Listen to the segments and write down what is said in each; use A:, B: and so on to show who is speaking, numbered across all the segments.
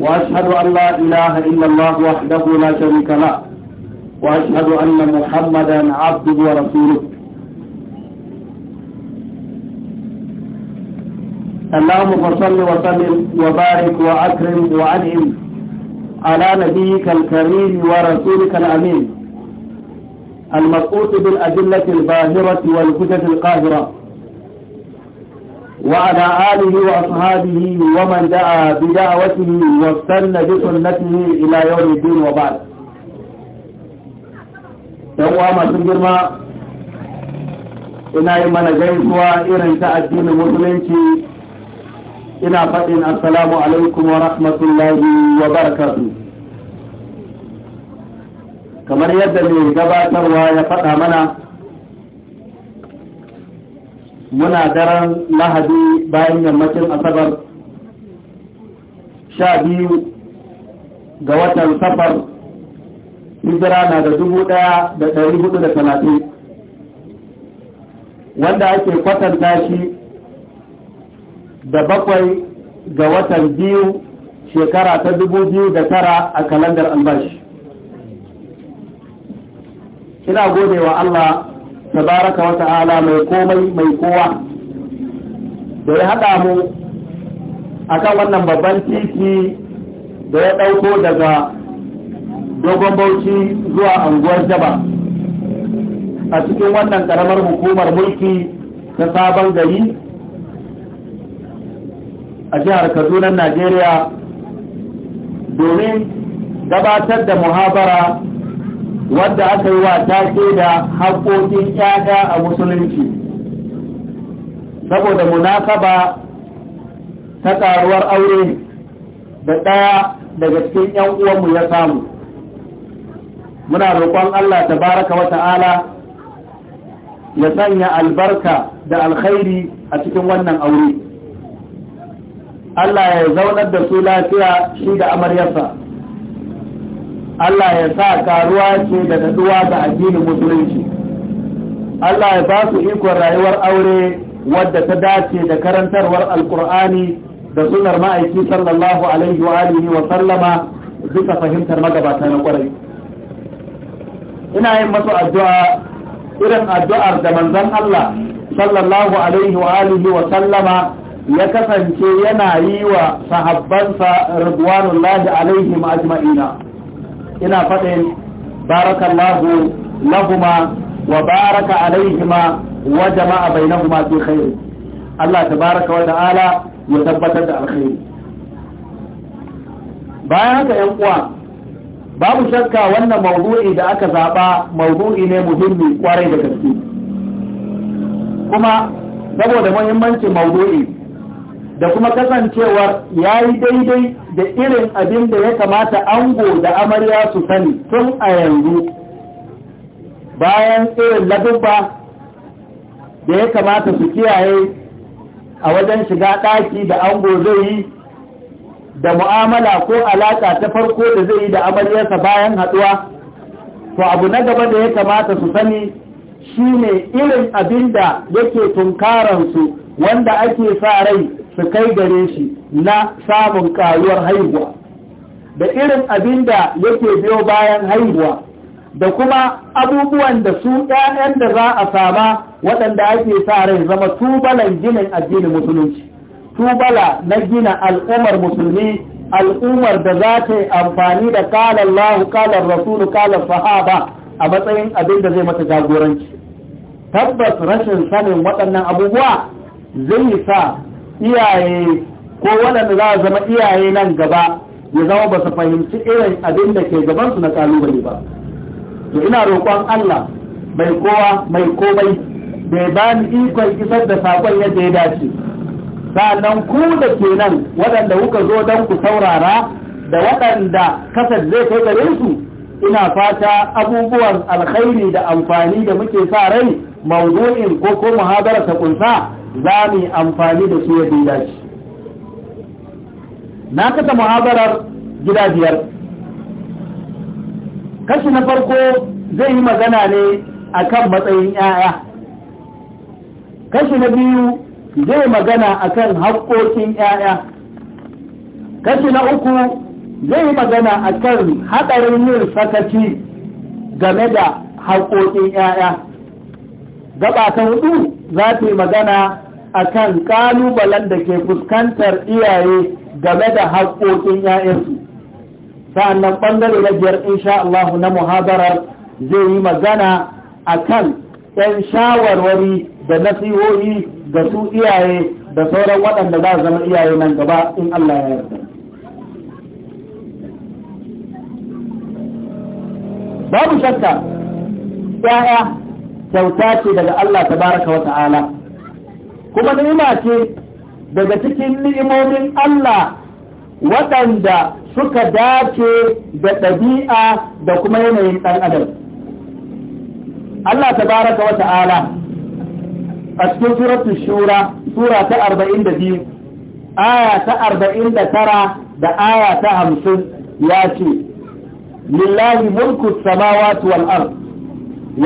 A: وأشهد أن لا إله إلا الله وحده لا شريك له وأشهد أن محمدا عبده ورسوله اللهم صل وسلم وبارك وأكرم وأنعم على نبيك الكريم ورسولك الأمين المبعوث بالأدلة الباهرة والهجة القاهرة وعلى آله وأصحابه ومن دعا بدعوته واستنى بسنته إلى يوم الدين وبعد يوم ما تنجرما ina yi mana gaisuwa irin ta addinin musulunci ina faɗin assalamu alaikum wa rahmatullahi kamar yadda mai gabatarwa ya faɗa mana muna daren lahadi bayan yammacin asabar sha biyu ga watan safar hijira na da dubu ɗaya da ɗari hudu da talatin wanda ake kwatanta shi da bakwai ga watan biyu shekara ta dubu biyu da tara a kalandar albashi ina gode wa Allah tabaraka wa ta'ala mai komai mai kowa da ya haɗa mu akan wannan babban titi da ya ɗauko daga dogon bauchi zuwa anguwar jaba a cikin wannan ƙaramar hukumar mulki ta sabon gari a jihar kaduna najeriya domin gabatar da muhabara Wanda aka yi wa ta ke da haƙoƙin ƴaƴa a musulunci saboda munasaba ta ƙaruwar aure da ɗaya daga cikin ƴan uwanmu ya samu muna roƙon Allah ta baraka wa ta'ala ya sanya albarka da alkhairi a cikin wannan aure Allah ya zaunar da su lafiya shi da amaryarsa Allah ya sa karuwa ce da daduwa ga addinin musulunci Allah ya ba su ikon rayuwar aure wadda ta dace da karantarwar alkur'ani da sunar ma'aiki sallallahu alaihi wa alihi wa sallama bisa fahimtar magabata na kwarai ina yin masu addu'a irin addu'ar da manzon Allah sallallahu alaihi wa alihi wa sallama ya kasance yana yi wa sahabbansa alaihi alaihim ajma'ina ina faɗin barakallahu lahuma wa baraka alaihima wa jama'a bainahuma fi khair Allah tabaraka wa ta'ala ya tabbatar da alkhairi bayan haka yan uwa babu shakka wannan maudu'i da aka zaba maudu'i ne muhimmi kwarai da gaske kuma saboda muhimmancin maudu'i da kuma kasancewar ya yi daidai da irin abin da ya kamata ango da amarya su sani tun a yanzu bayan irin ladubba da ya kamata su kiyaye a wajen shiga ɗaki da ango zai yi da mu'amala ko alaƙa ta farko da zai yi da amaryarsa bayan haɗuwa to abu na gaba da ya kamata su sani shi ne irin abin da yake tunkaransu wanda ake sa rai su kai gare shi na samun karuwar haihuwa da irin abin da yake biyo bayan haihuwa da kuma abubuwan da su ɗayan da za a sama waɗanda ake sa rai zama tubalan ginin addinin musulunci tubala na gina al'ummar musulmi al'ummar da za ta yi amfani da kalan lahu kalan rasulu kalan sahaba a matsayin abin da zai mata jagoranci tabbas rashin sanin waɗannan abubuwa zai sa iyaye ko waɗanda za a zama iyaye nan gaba ya zama ba su fahimci irin abin da ke gabansu na kalubale ba to ina roƙon Allah mai kowa mai komai bai ba ni ikon isar da saƙon yadda ya dace sannan ku da ke nan waɗanda kuka zo don ku saurara da waɗanda kasar zai kai gare su ina fata abubuwan alkhairi da amfani da muke sa rai mawdu'in ko ko muhabara ta kunsa za mu yi amfani da su yadda ya dace na kasa muhabarar gida biyar kashi na farko zai yi magana ne a kan matsayin 'ya'ya kashi na biyu zai magana a kan haƙoƙin 'ya'ya kashi na uku zai yi magana a kan haɗarin yin sakaci game da haƙoƙin 'ya'ya gaba ta hudu za ta yi magana a kan ƙalubalen da ke fuskantar iyaye game da haƙoƙin 'ya'yansu sa'annan ɓangare na biyar insha Allah na muhabarar zai yi magana a kan 'yan shawarwari da nasihohi ga su iyaye da sauran waɗanda za zama iyaye nan gaba in Allah ya yarda babu shakka 'ya'ya kyauta ce daga Allah tabaraka wa ta'ala kuma ni'ima ce daga cikin ni'imomin Allah waɗanda suka dace da ɗabi'a da kuma yanayin ɗan adam Allah tabaraka wa ta'ala a cikin suratul shura sura ta arba'in da biyu, aya ta arba'in da tara da aya ta hamsin ya ce lillahi mulku samawati wal ard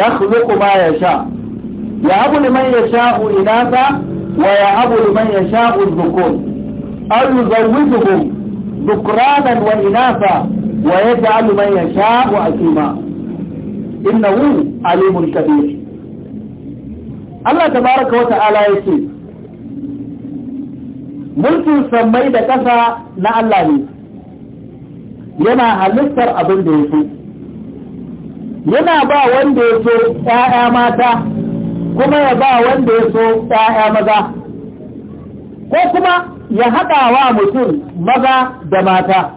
A: يخلق ما يشاء يهب لمن يشاء إناثا ويهب لمن يشاء الذكور أو يزوجهم ذكرانا وإناثا ويجعل من يشاء أثيما إنه عليم كبير الله تبارك وتعالى يسير ملكي سميد كفا نعلاني يما هلستر أبن ديسي yana ba wanda ya so ‘ya'ya mata kuma ya ba wanda ya so ‘ya'ya maza ko kuma ya haɗa wa mutum maza da mata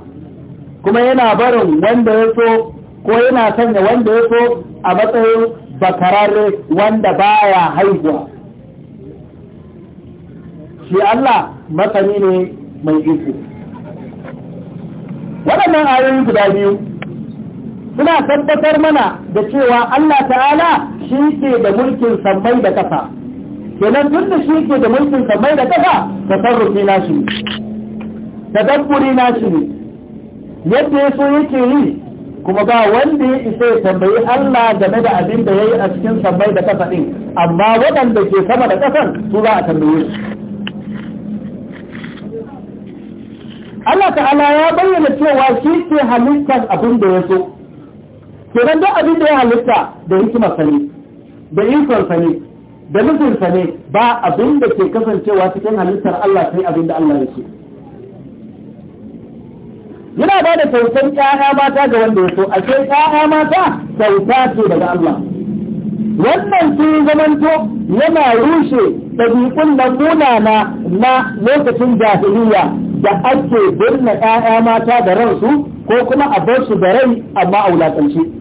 A: kuma yana barin wanda ya so ko yana sanya wanda ya so a matsayin bakararre wanda baya haihuwa shi Allah masani ne mai iko waɗannan ayoyi guda biyu suna tabbatar mana da cewa Allah ta'ala shi ke da mulkin sammai da kasa kenan tun da shi ke da mulkin sammai da kasa shi. nashi ne na shi ne yadda ya so yake yi kuma ba wanda ya isa ya tambayi Allah game da abin da ya yi a cikin sammai da kasa ɗin amma waɗanda ke sama da kasan su za a tambaye su Allah ta'ala ya bayyana cewa shi ke halittar abin da ya so nan duk abin da ya halitta da hikimar sani da ikon sani da nufin sani ba abin da ke kasancewa cikin halittar Allah sai abin da Allah ya yana ba da kyautar ƴaƴa mata ga wanda ya so a ƴaƴa mata kyauta ce daga Allah wannan sun zamanto yana rushe ɗabi'un na munana na lokacin jahiliya da ake birna ƴaƴa mata da ransu ko kuma a bar su da rai amma a wulaƙance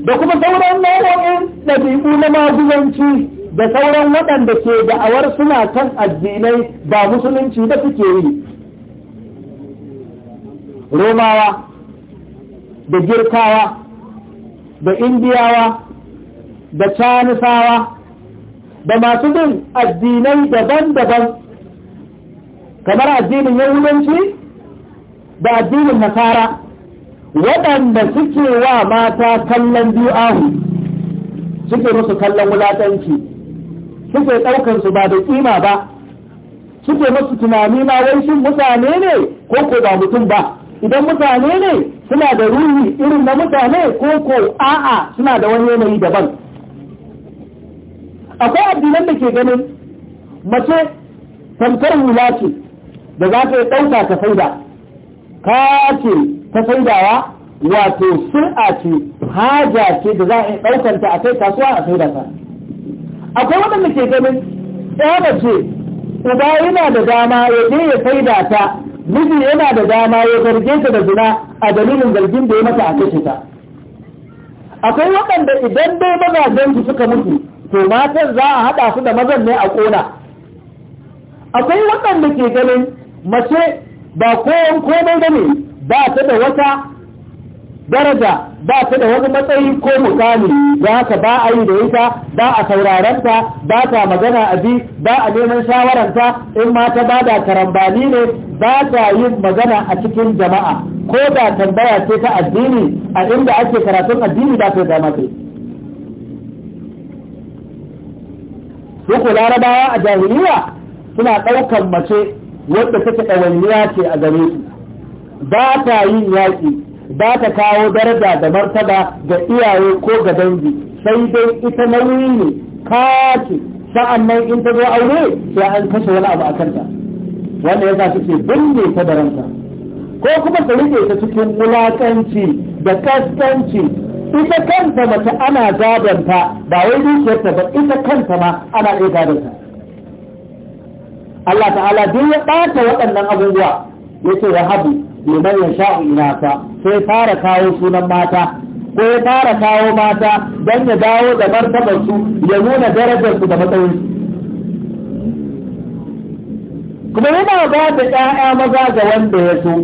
A: da kuma sauran nau'o'in ɗabi'u na maguzanci da sauran waɗanda ke da'awar suna kan addinai ba musulunci da suke yi romawa da girkawa da indiyawa da canisawa da masu bin addinai daban-daban kamar addinin yahudanci da addinin nasara waɗanda suke wa mata kallon bi'ahu suke musu kallon wulatanci suke ɗaukar ba da ƙima ba suke musu tunani ma wai shin mutane ne ko ko ba mutum ba idan mutane ne suna da ruhi irin na mutane ko ko a'a suna da wani yanayi daban akwai addinan da ke ganin mace tamkar hula da za ta yi ɗauka ta faida Ka ce ta saidawa wato sur'a ce haja ce da za a ɗaukar ɗaukanta a kai kasuwa a saida ta akwai waɗanda ke ganin ɗaya ce uba yana da dama ya je ya saida ta miji yana da dama ya zarge ta da zina a dalilin zargin da ya mata a kashe ta akwai waɗanda idan dai mazajen su suka mutu to matan za a haɗa su da mazan ne a ƙona akwai waɗanda ke ganin mace ba kowan komai ba ne ba ta da wata daraja ba ta da wani matsayi ko mukami da haka ba a yi da ita ba a saurarenta ba ta magana a bi ba a neman shawaranta in ma ta ba da karambani ne ba ta yin magana a cikin jama'a ko da tambaya ce ta addini a inda ake karatun addini ba ta dama ce Duk larabawa a jahiliya suna ɗaukar mace wadda take ɗawainiya ce a gare su ba ta yin yaƙi ba ta kawo daraja da martaba ga iyaye ko ga dangi sai dai ita nauyi ne kace sa'an nan in ta zo aure sai an kashe wani abu a kanta wanda ya sa ce binne ta da ranta ko kuma ta rike ta cikin wulaƙanci da kaskanci ita kanta mace ana gadonta ba wai dukiyarta ba ita kanta ma ana iya gadonta Allah ta'ala duk ya ɓata waɗannan abubuwa ya ce ya habu liman ya ina ta sai fara kawo sunan mata ko ya fara kawo mata don ya dawo da martabarsu ya nuna darajarsu da matsayinsu kuma yana ba da ƴaƴa maza ga wanda ya so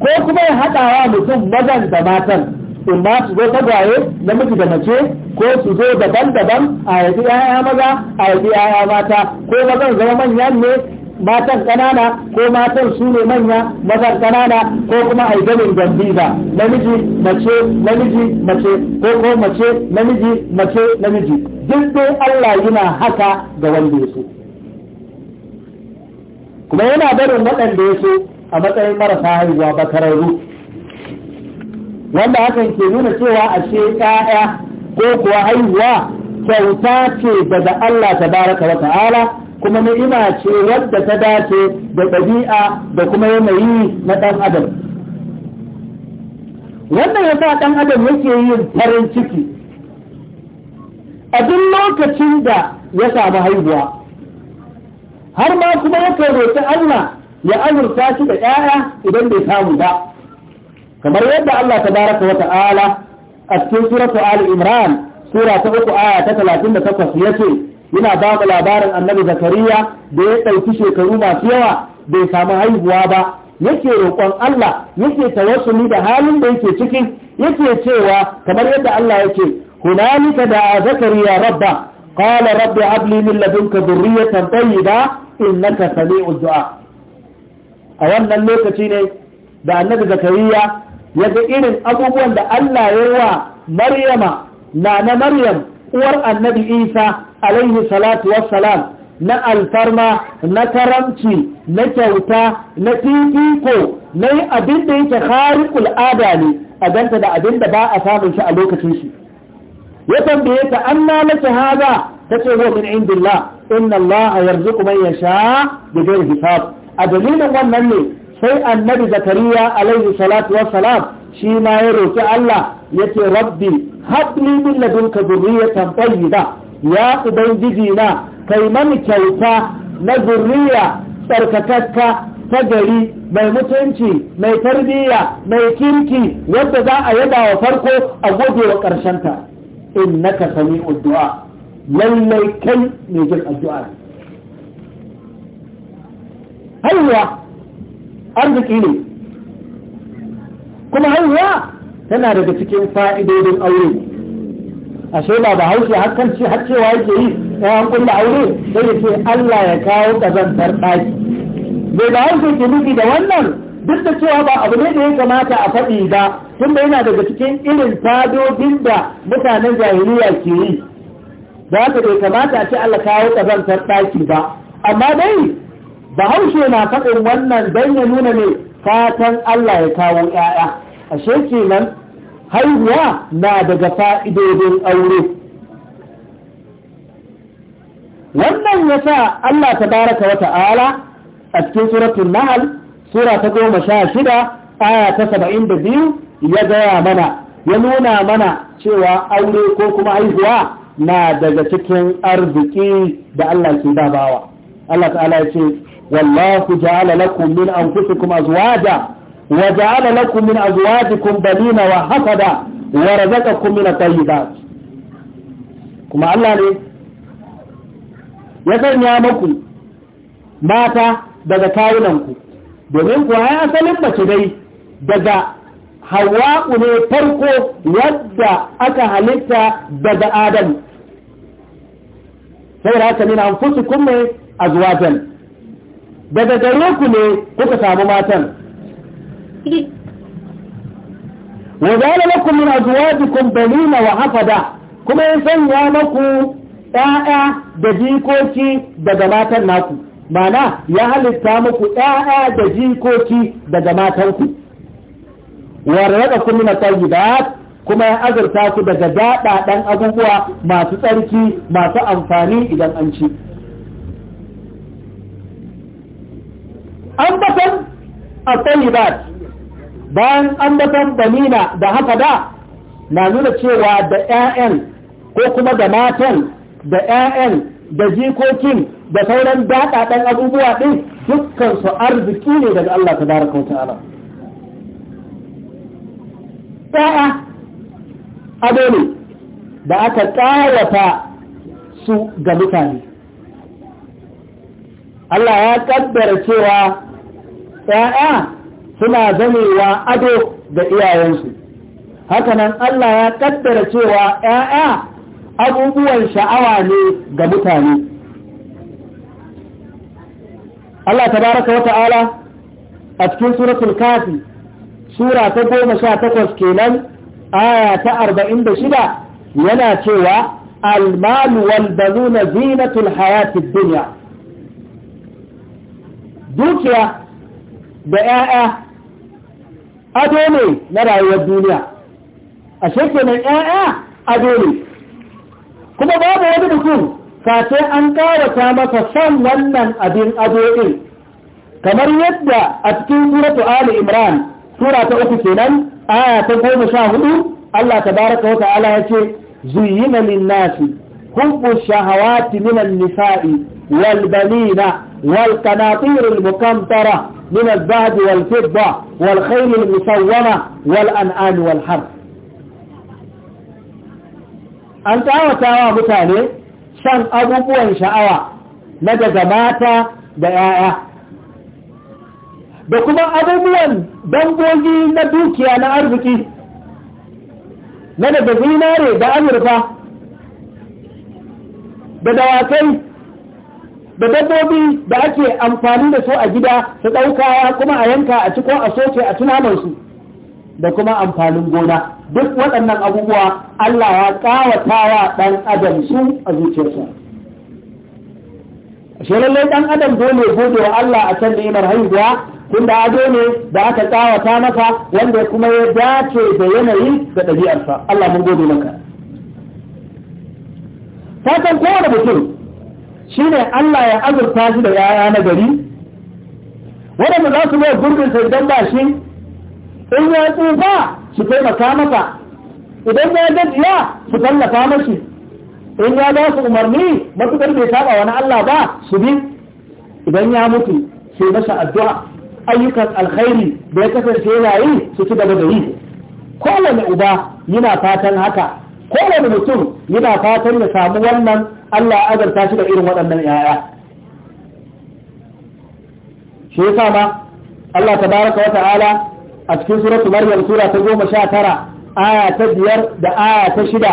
A: ko kuma ya haɗa wa mutum mazan da matan in ba su zo tagwaye namiji da mace ko su zo daban-daban a yafi 'ya'ya maza a yafi ƴaƴa mata ko mazan zama manyan ne matan kanana ko matan su ne manya mazan kanana ko kuma a gambi ba namiji mace namiji mace ko ko mace namiji mace namiji duk dai Allah yana haka ga wanda ya kuma yana barin waɗanda ya a matsayin marasa haihuwa bakararru wanda hakan ke nuna cewa ashe ƴaƴa ko kuwa haihuwa kyauta ce daga Allah tabaraka wa ta'ala kuma ni'ima ce wadda ta dace da ɗabi'a da kuma yanayi na ɗan adam wannan ya sa ɗan adam yake yin farin ciki a duk lokacin da ya samu haihuwa har ma kuma yakan roƙi Allah ya azurta shi da ‘ya'ya idan bai samu ba kamar yadda Allah ta baraka wa ta'ala a cikin suratu Ali Imran sura ta uku aya ta talatin da takwas ya ce yana ba mu labarin annabi zakariya da ya ɗauki shekaru masu yawa bai samu haihuwa ba yake roƙon Allah yake tawassuli da halin da yake cikin yake cewa kamar yadda Allah yake hunalika da zakariya rabba qala rabbi habli min ladunka dhurriyatan tayyiba innaka sami'ud du'a a wannan lokaci ne da annabi zakariya ya ga irin abubuwan da Allah ya wa Maryama na na Maryam uwar annabi isa alaihi salatu wassalam na alfarma na karamci na kyauta na fifiko na yi abin da yake harikul ada ne a ganta da abin da ba a samun shi a lokacin shi ya tambaye ta an na laki haza ta ce wa min indillah inna allaha yarzuqu man yasha bi ghairi hisab a dalilin wannan ne sai annabi zakariya alaihi salatu wassalam shi ma ya roki Allah ya ce rabbi haɗi min ya zurriyatan tayyiba ya ubangiji na kai mani kyauta na zurriya tsarkakakka ta gari mai mutunci mai tarbiyya mai kirki wadda za a yaba wa farko a goge wa ƙarshenta innaka sami'ud du'a lallai kai ne jin addu'a haihuwa arziki ne kuma haihuwa tana daga cikin fa'idodin aure ashe ba bahaushe haushe hakan ce har cewa yake yi ya an kulla aure sai ya ce Allah ya kawo kazantar ɗaki bai ba haushe ke nufi da wannan duk da cewa ba abu ne da ya kamata a faɗi ba tun da yana daga cikin irin fadodin da mutanen jahiliya ke yi da ka bai kamata a ce Allah kawo kazantar ɗaki ba amma dai bahaushe na faɗin wannan don ya nuna ne fatan Allah ya kawo ‘ya'ya ashe kenan haihuwa na daga fa'idodin aure wannan ya sa Allah ta baraka wa ta'ala a cikin suratun nahal sura ta goma sha shida aya ta saba'in da biyu ya gaya mana ya nuna mana cewa aure ko kuma haihuwa na daga cikin arziki da Allah ke babawa Allah ta'ala ya ce wallahu ja'ala lakum min zuwa da. wa alalakumin lakum min azwajikum banina wa hasada wa razaqakum min at kuma Allah ne ya sanya muku mata daga kawunanku domin ku ai asalin daga Hauwa ne farko wadda aka halitta daga adam sai da haka nina fusu kuma azwajan daga gare ku ne kuka samu matan وجعل لكم wa wa hafada kuma ya sanya maku ‘ya'ya da jikoki daga matan naku, mana ya halitta muku ‘ya'ya da jikoki daga matanku, raka kuma na tsargidat kuma ya azurta ku daga daɗaɗen abubuwa masu tsarki masu amfani idan an ci. An basan a tsargidat bayan ambatan damina da haka da na nuna cewa da 'ya'yan ko kuma da matan da 'ya'yan da jikokin da sauran daɗaɗen abubuwa ɗin su arziki ne daga Allah ta baraka wa ta'ala. ado ne da aka ƙawata su ga mutane. Allah ya ƙaddara cewa ƴaƴa. suna zamewa ado da iyayensu hakanan Allah ya kaddara cewa ‘ya'ya abubuwan sha'awa ne ga mutane Allah ta tabaraka wata'ala a cikin suratul kafi sura ta goma sha takwas kenan aya ta arba'in da shida yana cewa almalu wal baluna zinatul hayatid dunya dukiya da ‘ya'ya ado ne na rayuwar duniya a shekenan ‘ya'ya ado ne kuma babu wani mutum face an kawata masa son wannan abin ado kamar yadda a cikin suratu ali imran sura ta uku kenan aya ta goma sha hudu allah ta baraka wa ta'ala ya ce zuyina linnasi hubbu shahawati minan nisa'i wal banina والقناطير المكمترة من الذهب والفضة والخيل المسومة والأنعام والحرف أنت أوى تأوى متاني شان أبوكو إن شاء الله مدى زماتا دعايا بكما أبوكو بانبوزي ندوكي أنا أرضكي مدى بزيناري بأمرفا بدواتي da dabbobi da ake amfani da su a gida su ɗauka kuma a yanka a ci ko a soce a tunamansu da kuma amfanin gona duk waɗannan abubuwa Allah ya ƙawata wa ɗan adam su a zuciyarsa shi lallai ɗan adam dole gode wa Allah a can ni'imar haihuwa da ado ne da aka ƙawata masa wanda kuma ya dace da yanayi da ɗabi'arsa Allah mun gode maka fatan kowane mutum Shi ne Allah ya azurta shi da yaya na gari waɗanda za su mai gurbin sai don ba shi in ya tsufa su taimaka masa idan ya gajiya su tallafa mashi in ya ba su umarni matuƙar bai saba wani Allah ba su bi idan ya mutu sai masa addu'a ayyukan alkhairi da ya kasance yayi yi su ci gaba da yi kowane uba yana fatan haka kowane mutum yana fatan ya samu wannan Allah ya azarta shi da irin waɗannan yaya shi yasa ma Allah baraka wa ta'ala a cikin suratu maryam sura ta goma sha tara aya ta biyar da aya ta shida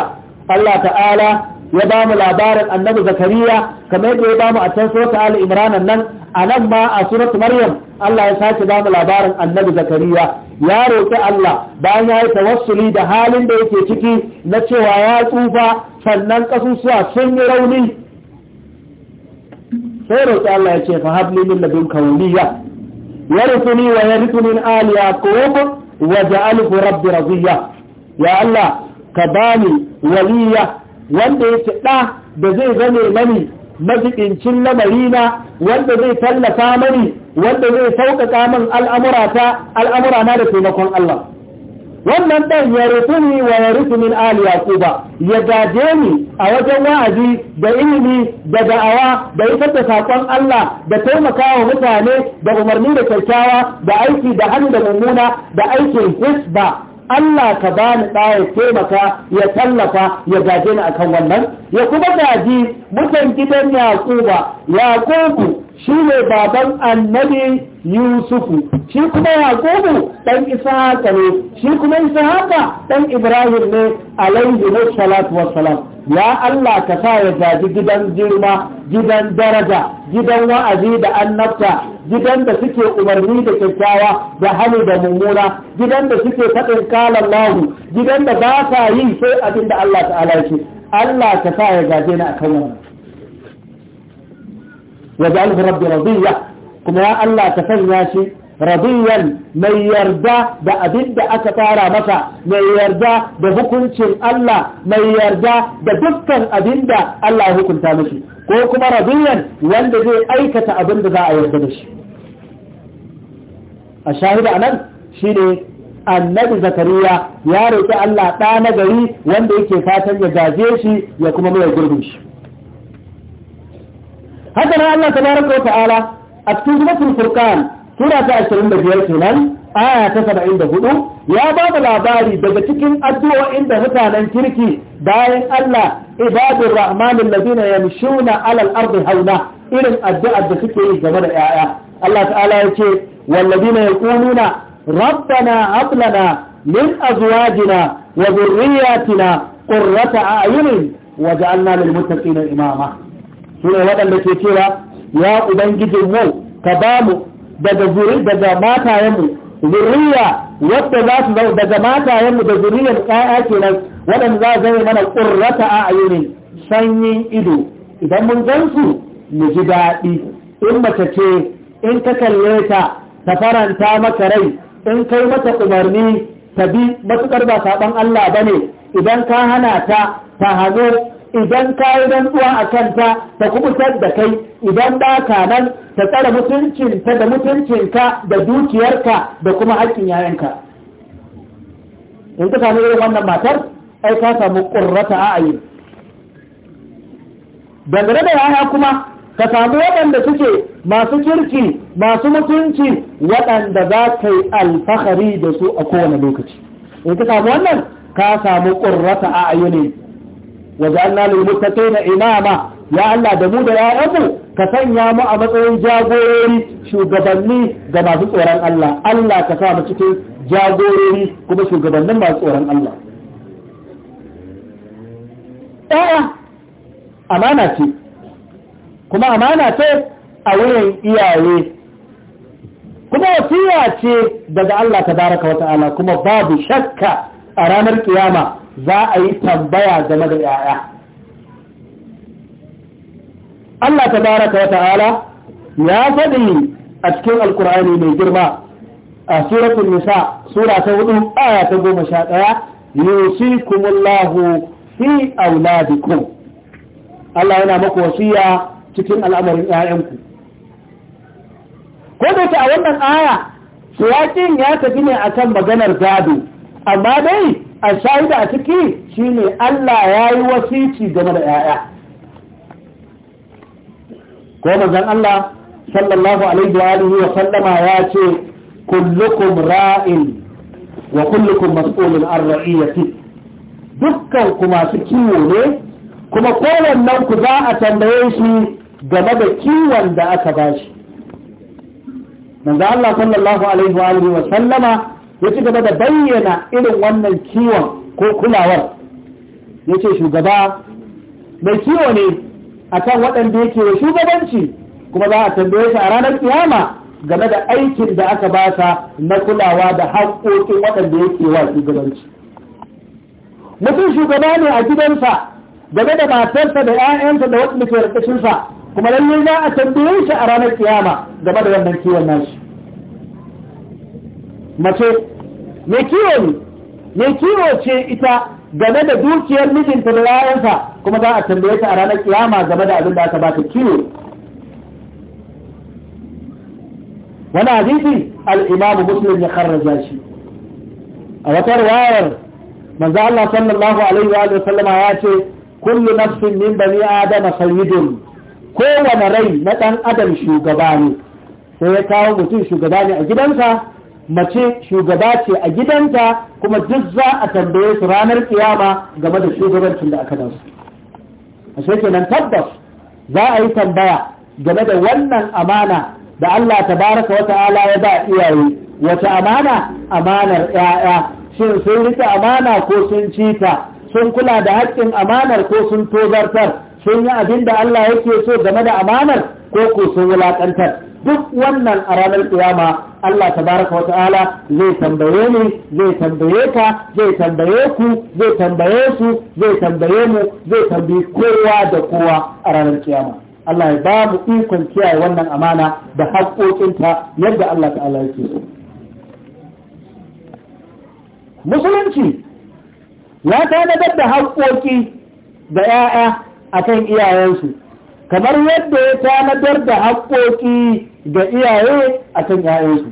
A: Allah ta'ala ya ba mu labarin annabi zakariya kamar yadda ya ba mu a can suratu ali imran nan a nan ma a suratu maryam Allah ya sake ba mu labarin annabi zakariya ya roƙi Allah bayan ya yi tawassuli da halin da yake ciki na cewa ya tsufa sannan kasusuwa sun yi rauni sai roƙi Allah ya ce fa habli min ladunka Ya yarithuni wa ya min ali yaqub wa ja'alhu rabbi radiya ya Allah ka bani waliya wanda yake da da zai zame mani majibincin lamarina wanda zai tallafa mani wanda zai sauƙaƙa min al'amurata al'amurana da taimakon Allah wannan ɗan ya ni wa ya min ali yaquba ya gaje ni a wajen wa'azi da ilimi da da'awa da isar da saƙon Allah da taimakawa mutane da umarni da kyakkyawa da aiki da hannu da mummuna da aikin hisba Allah ka bani ɗa ya taimaka ya tallafa ya gaje ni akan wannan ya kuma gaji mutan gidan yakuba Yakubu shi ne baban annabi yusufu shi kuma yakubu dan ishaqa ne shi kuma ishaqa dan ibrahim ne alaihi salatu wassalam ya Allah ka sa ya gaji gidan girma gidan daraja gidan wa'azi da annabta gidan da suke umarni da kyakkyawa da hannu da mummuna gidan da suke faɗin kalan lahu gidan da ba sa yi sai abin da Allah ta'ala ya ce Allah ka sa ya gaje ni akan wannan waj'alhu rabbi radiya kuma ya Allah ka sanya shi radiyan mai yarda da abin da aka fara masa mai yarda da hukuncin Allah mai yarda da dukkan abin da Allah ya hukunta mashi ko kuma radiyan wanda zai aikata abin da za a yarda da shi a shahida anan shine annabi zakariya ya roƙi Allah ɗa na gari wanda yake fatan ya gaje shi ya kuma mai gurbin shi هذا ما الله تبارك وتعالى أكتوبة الفرقان سورة 25 كنان آية 74 يا باب العباري دبتكين أدوا عند مثالا تركي داعي الله إباد الرحمن الذين يمشون على الأرض هونا إلى أدوا أدوا تكيه زمن الله تعالى يقول والذين يقولون ربنا أطلنا من أزواجنا وذرياتنا قرة أعين وجعلنا للمتقين إماما su ne waɗanda ke cewa ya ubangijin mu ka ba mu daga zuri daga matayenmu zuriya wadda za su zama daga mu da zuriyar ƴaƴa kenan waɗanda za zama mana ƙurrata a ayyunin sanyin ido idan mun gan su mu ji daɗi in mace ce in ka kalle ta ta faranta maka rai in kai mata umarni ta bi matuƙar ba saɓon Allah ba ne idan ka hana ta ta hannu idan ka yi rantsuwa a kanta ta kubutar da kai idan ba ka nan ta tsara mutuncinta da mutuncinka da dukiyarka da kuma haƙƙin yayanka in ka sami irin wannan matar ai ka samu ƙurrata a ayi dangane da yaya kuma ka samu waɗanda suke masu kirki masu mutunci waɗanda za ka yi alfahari da su a kowane lokaci in ka samu wannan ka samu ƙurrata a ayyuni وجعلنا للمتقين إماما ya Allah da mu da yayanmu ka sanya mu a matsayin jagorori shugabanni ga masu tsoron Allah Allah ka sa mu cikin jagorori kuma shugabannin masu tsoron Allah ɗaya amana ce kuma amana ce a wurin iyaye kuma wasiya ce daga Allah tabaraka wa ta'ala kuma babu shakka a ranar kiyama za a yi tambaya game da ‘ya'ya. Allah ta baraka wa ta'ala ya faɗi a cikin alkur'ani mai girma a suratun nisa sura ta hudu aya ta goma sha ɗaya yusikumullahu fi auladiku Allah yana maku wasiya cikin al'amarin ‘ya'yanku. Ko da a wannan aya, su ya tafi ne kan maganar gado, amma dai a shahida a ciki ne Allah ya yi wasici game da 'ya'ya ko manzon Allah sallallahu alaihi wa wa sallama ya ce kullukum ra'in wa kullukum mas'ulun an ra'iyati dukkan ku masu kiwo ne kuma kowannen ku za a tambaye shi game da kiwon da aka ba shi. manzo Allah sallallahu alaihi wa wa sallama ya ci gaba da bayyana irin wannan kiwon ko kulawar ya ce shugaba mai kiwo ne a kan waɗanda yake wa shugabanci kuma za a tambaye shi a ranar kiyama game da aikin da aka basa na kulawa da haƙoƙin waɗanda yake wa shugabanci mutum shugaba ne a gidansa game da matarsa da 'ya'yansa da wasu ke rikicinsa kuma lallai za a tambaye shi a ranar kiyama game da wannan kiwon nashi mace mai kiwo ne mai kiwo ce ita game da dukiyar mijinta da yayansa kuma za a tambaye ta a ranar kiyama game da abin da aka baka kiwo wani hadisi al'imamu muslim ya a wata wayar, manzo Allah sallallahu alaihi wa sallama ya ce kullu nafsin min bani adam sayyidun kowane rai na dan adam shugaba ne sai ya kawo mutum shugaba ne a gidansa mace shugaba ce a gidanta kuma duk za a tambaye su ranar kiyama game da shugabancin da aka ba su ashe kenan tabbas za a yi tambaya game da wannan amana da Allah tabaraka wa ta'ala ya ba iyaye wata amana amanar 'ya'ya shin sun rike amana ko sun cita sun kula da haƙƙin amanar ko sun tozartar sun yi abin da Allah yake so game da amanar ko ko sun wulaƙantar duk wannan a ranar kiyama Allah tabaraka wa ta'ala zai tambaye ni zai tambaye ka zai tambaye ku zai tambaye su zai tambaye mu zai tambayi kowa da kowa a ranar kiyama Allah ya ba mu ikon kiyaye wannan amana da haƙoƙinta yadda Allah ta'ala yake so musulunci ya tanadar da haƙoƙi da 'ya'ya akan iyayensu kamar yadda ya tanadar da haƙoƙi Da iyaye a kan ‘ya'yansu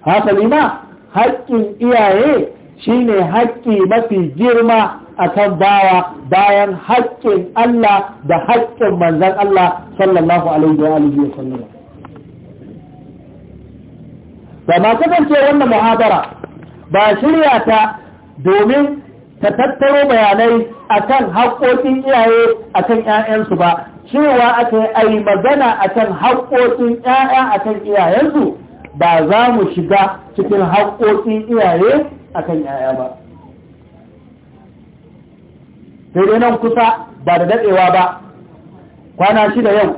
A: hasali ma haƙƙin iyaye shine haƙƙi mafi girma a kan bawa bayan haƙƙin Allah da haƙƙin manzan Allah sallallahu alaihi wa alihi wa sallama. Ba ma kasance wannan muhabara ba shirya ta domin ta tattaro bayanai akan haƙƙoƙin iyaye akan 'ya'yansu ba cewa aka yi ai magana akan haƙoƙin 'ya'ya akan iyayensu ba za mu shiga cikin haƙoƙin iyaye akan 'ya'ya ba sai dai nan kusa ba da daɗewa ba kwana shida yau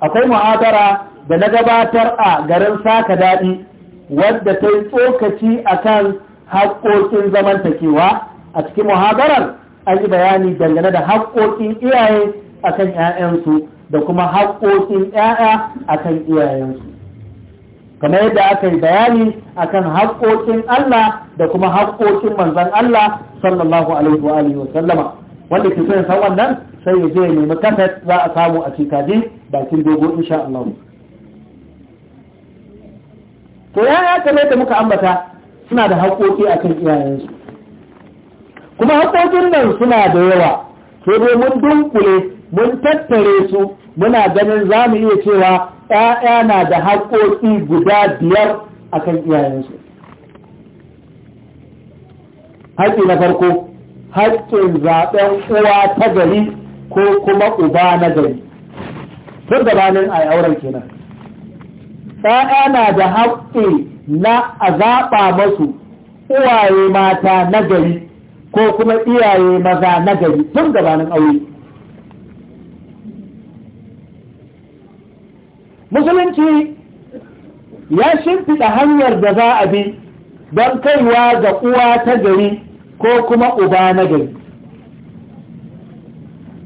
A: akwai muhadara da na gabatar a garin saka daɗi wadda ta yi tsokaci akan haƙoƙin zamantakewa a cikin muhabarar an yi bayani dangane da haƙoƙin iyaye akan ‘ya'yansu da kuma haƙoƙin ‘ya'ya akan iyayensu kamar yadda aka yi bayani akan haƙoƙin Allah da kuma haƙoƙin manzan Allah sallallahu alaihi wa sallama wanda ke son san wannan sai ya je ya nemi kafet za a samu a cikaji bakin dogo insha Allah to yaya kamar da muka ambata suna da haƙoƙi akan iyayensu kuma haƙoƙin nan suna da yawa sai dai mun dunkule mun tattare su muna ganin za mu iya cewa ‘ya'ya na da haƙoƙi guda biyar a kan iyayensu Haƙi na farko haƙƙin zaɓen uwa ta gari ko kuma uba na gari tun da banin a auren kenan ‘ya'ya na da haƙƙi na a zaɓa masu uwaye mata na gari ko kuma iyaye maza na gari tun da banin aure musulunci ya shimfiɗa hanyar da za a bi don kaiwa ga uwa ta gari ko kuma uba na gari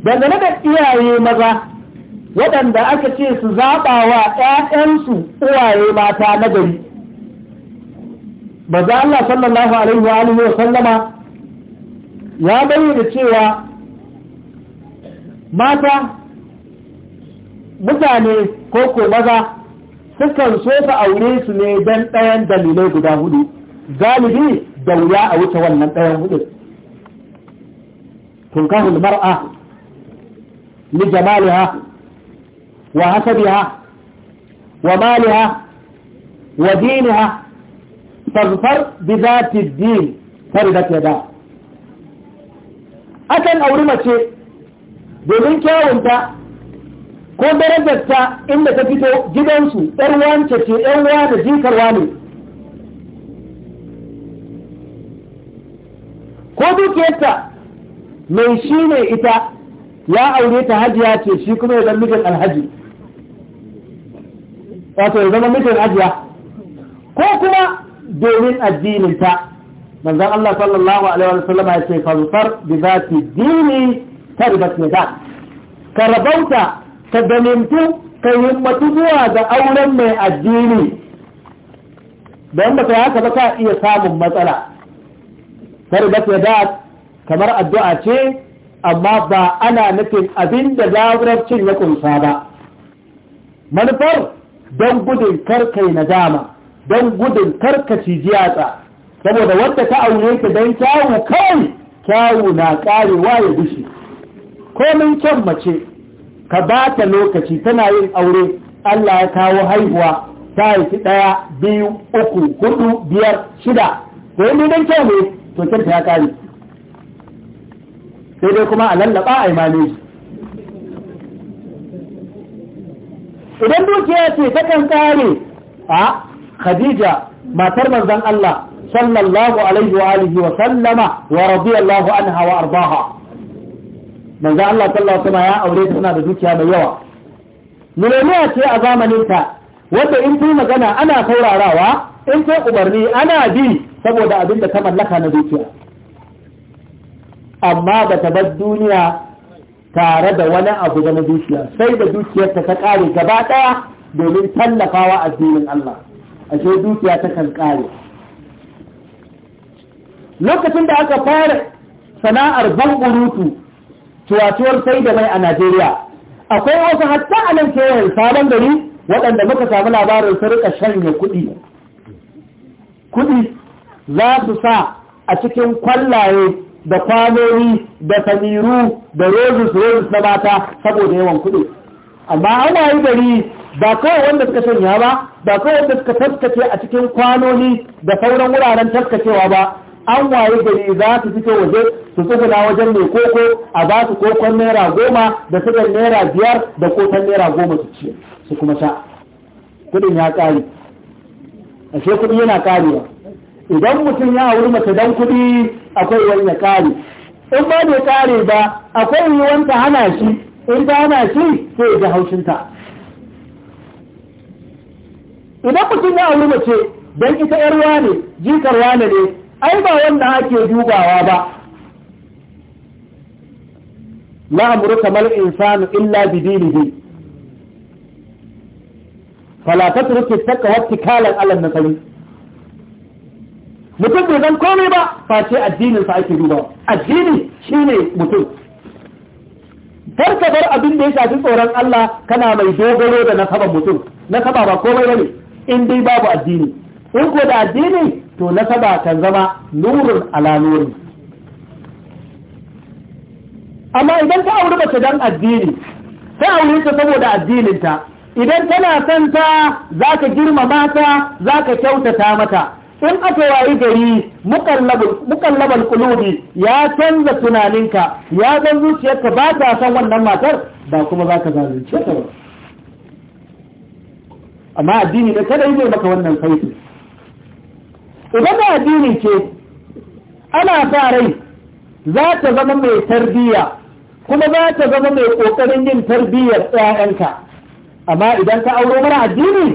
A: dangane da iyaye maza waɗanda aka ce su zaɓa wa ‘ya'yansu uwaye mata na gari ba za Allah sallallahu alaihi wa sallama ya bayyana cewa mata mutane ko ko maza sukan so su aure su ne don ɗayan dalilai guda hudu galibi da wuya a wuce wannan ɗayan hudu tunkahul mar'a li jamaliha wa hasabiha wa maliha wa diniha fazfar bi zati din farida kada akan auri mace domin kyawunta ko ta inda ta fito gidansu ɗan ce ɗan da jikarwa ne ko dukiyarta mai shi ne ita ya aure ta hajiya ce shi kuma ya zama mijin alhaji wato ya zama mijin hajiya ko kuma domin addininta manzan Allah sallallahu alaihi wasallam ya ce fanfar bi zati dini tarbat nidak ka rabauta ka ganintu ka himmatu zuwa ga auren mai addini don ba kai haka ba ka iya samun matsala sarbat ta da kamar addu'a ce amma ba ana nufin abin da zaburarcin ya kunsa ba manufar don gudun karkai na dama don gudun karkaci jiyatsa saboda wadda ta aure ta don kyawu kawai, kyawu na karewa ya bushe komin kyan mace ka ba ta lokaci tana yin aure Allah ya kawo haihuwa ta haifi ɗaya biyu uku hudu biyar shida to yi don kyau ne to kyanta ya kare sai dai kuma a lallaba a imane idan dukiya ce ta kan kare a khadija matar manzon Allah sallallahu alaihi wa alihi wa sallama wa radiyallahu anha wa ardaha manzo Allah sallallahu alaihi ya aure ta tana da dukiya mai yawa miliyoniya ce a zamanin ta wanda in ta magana ana saurarawa in ta umarni ana bi saboda abin da ta mallaka na dukiya amma ba ta bar duniya tare da wani abu da na dukiya sai da dukiyarta ta kare gaba daya domin tallafawa addinin Allah ashe dukiya ta kan kare lokacin da aka fara sana'ar bangurutu tuwatuwar sai da mai a Najeriya akwai wasu hatta a nan kewayen sabon gari waɗanda muka samu labarin su rika shanye kuɗi kuɗi za su sa a cikin kwallaye da kwanoni da samiru da rozus rozus na mata saboda yawan kuɗi amma ana yi gari ba kawai wanda suka shanya ba ba kawai wanda suka taskace a cikin kwanoni da sauran wuraren taskacewa ba an waye gari za su fito waje su tsuguna wajen mai koko a ba su kokon naira goma da sugar naira biyar da kokon naira goma su ce su kuma sha kudin ya kare ashe kuɗi yana karewa idan mutum ya auri mace dan kudi akwai wani ya kare in ba bai kare ba akwai yiwuwan ta hana shi in ta hana shi sai ya ji haushinta idan mutum ya auri mace don ita yarwa ne jikarwa ne ai ba wanda ake dubawa ba la amruka mal insanu illa bi dinihi fala tatruki taqwa ittikalan ala nasali mutum bai zan komai ba face addinin sa ake dubawa addini shine mutum farka bar abin da ya shafi tsoron Allah kana mai dogaro da nasaban mutum nasaba ba komai bane in dai babu addini in ko da addini to nasaba kan zama nurin ala nuri amma idan ta auri mace dan addini ta aure ta saboda addininta idan tana son ta zaka ka girmama ta za kyautata mata in aka wayi gari mukallabar kulubi ya canza tunaninka ya zan zuciyarka ba ta san wannan matar ba kuma za ka zalunce ta ba amma addini da kada yi maka wannan kaifin idan da addini ce ana sa rai za ta zama mai tarbiyya kuma za ta zama mai ƙoƙarin yin tarbiyyar ‘ya'yanka amma idan ka auro mara addini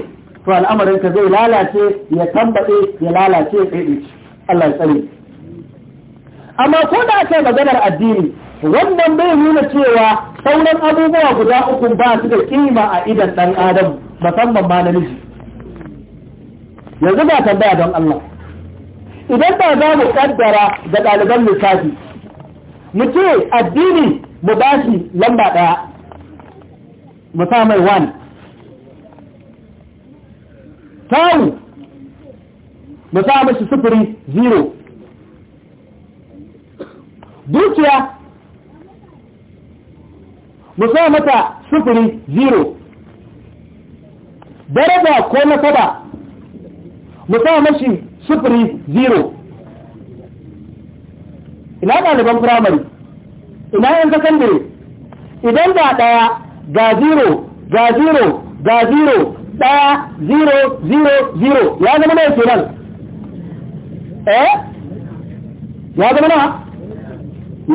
A: to al'amarinka zai lalace ya tambaɗe ya lalace ya ɗaiɗi Allah ya tsare amma ko da kai maganar addini wannan bai nuna cewa sauran abubuwa guda uku ba su da kima a idan ɗan adam musamman ma namiji yanzu ba tambaya don Allah idan ba za mu kaddara ga ɗaliban lissafi mu ce addini mu ba shi lamba ɗaya mu sa mai wani tawu mu sa mashi sufuri zero dukiya mu sa mata sufuri zero daraja ko na nasaba mu sa mashi sufuri zero ina ɗaliban firamare ina yin sakandare idan ba ɗaya ga zero ga zero ga zero ɗaya zero zero zero ya zama yake nan eh ya zama na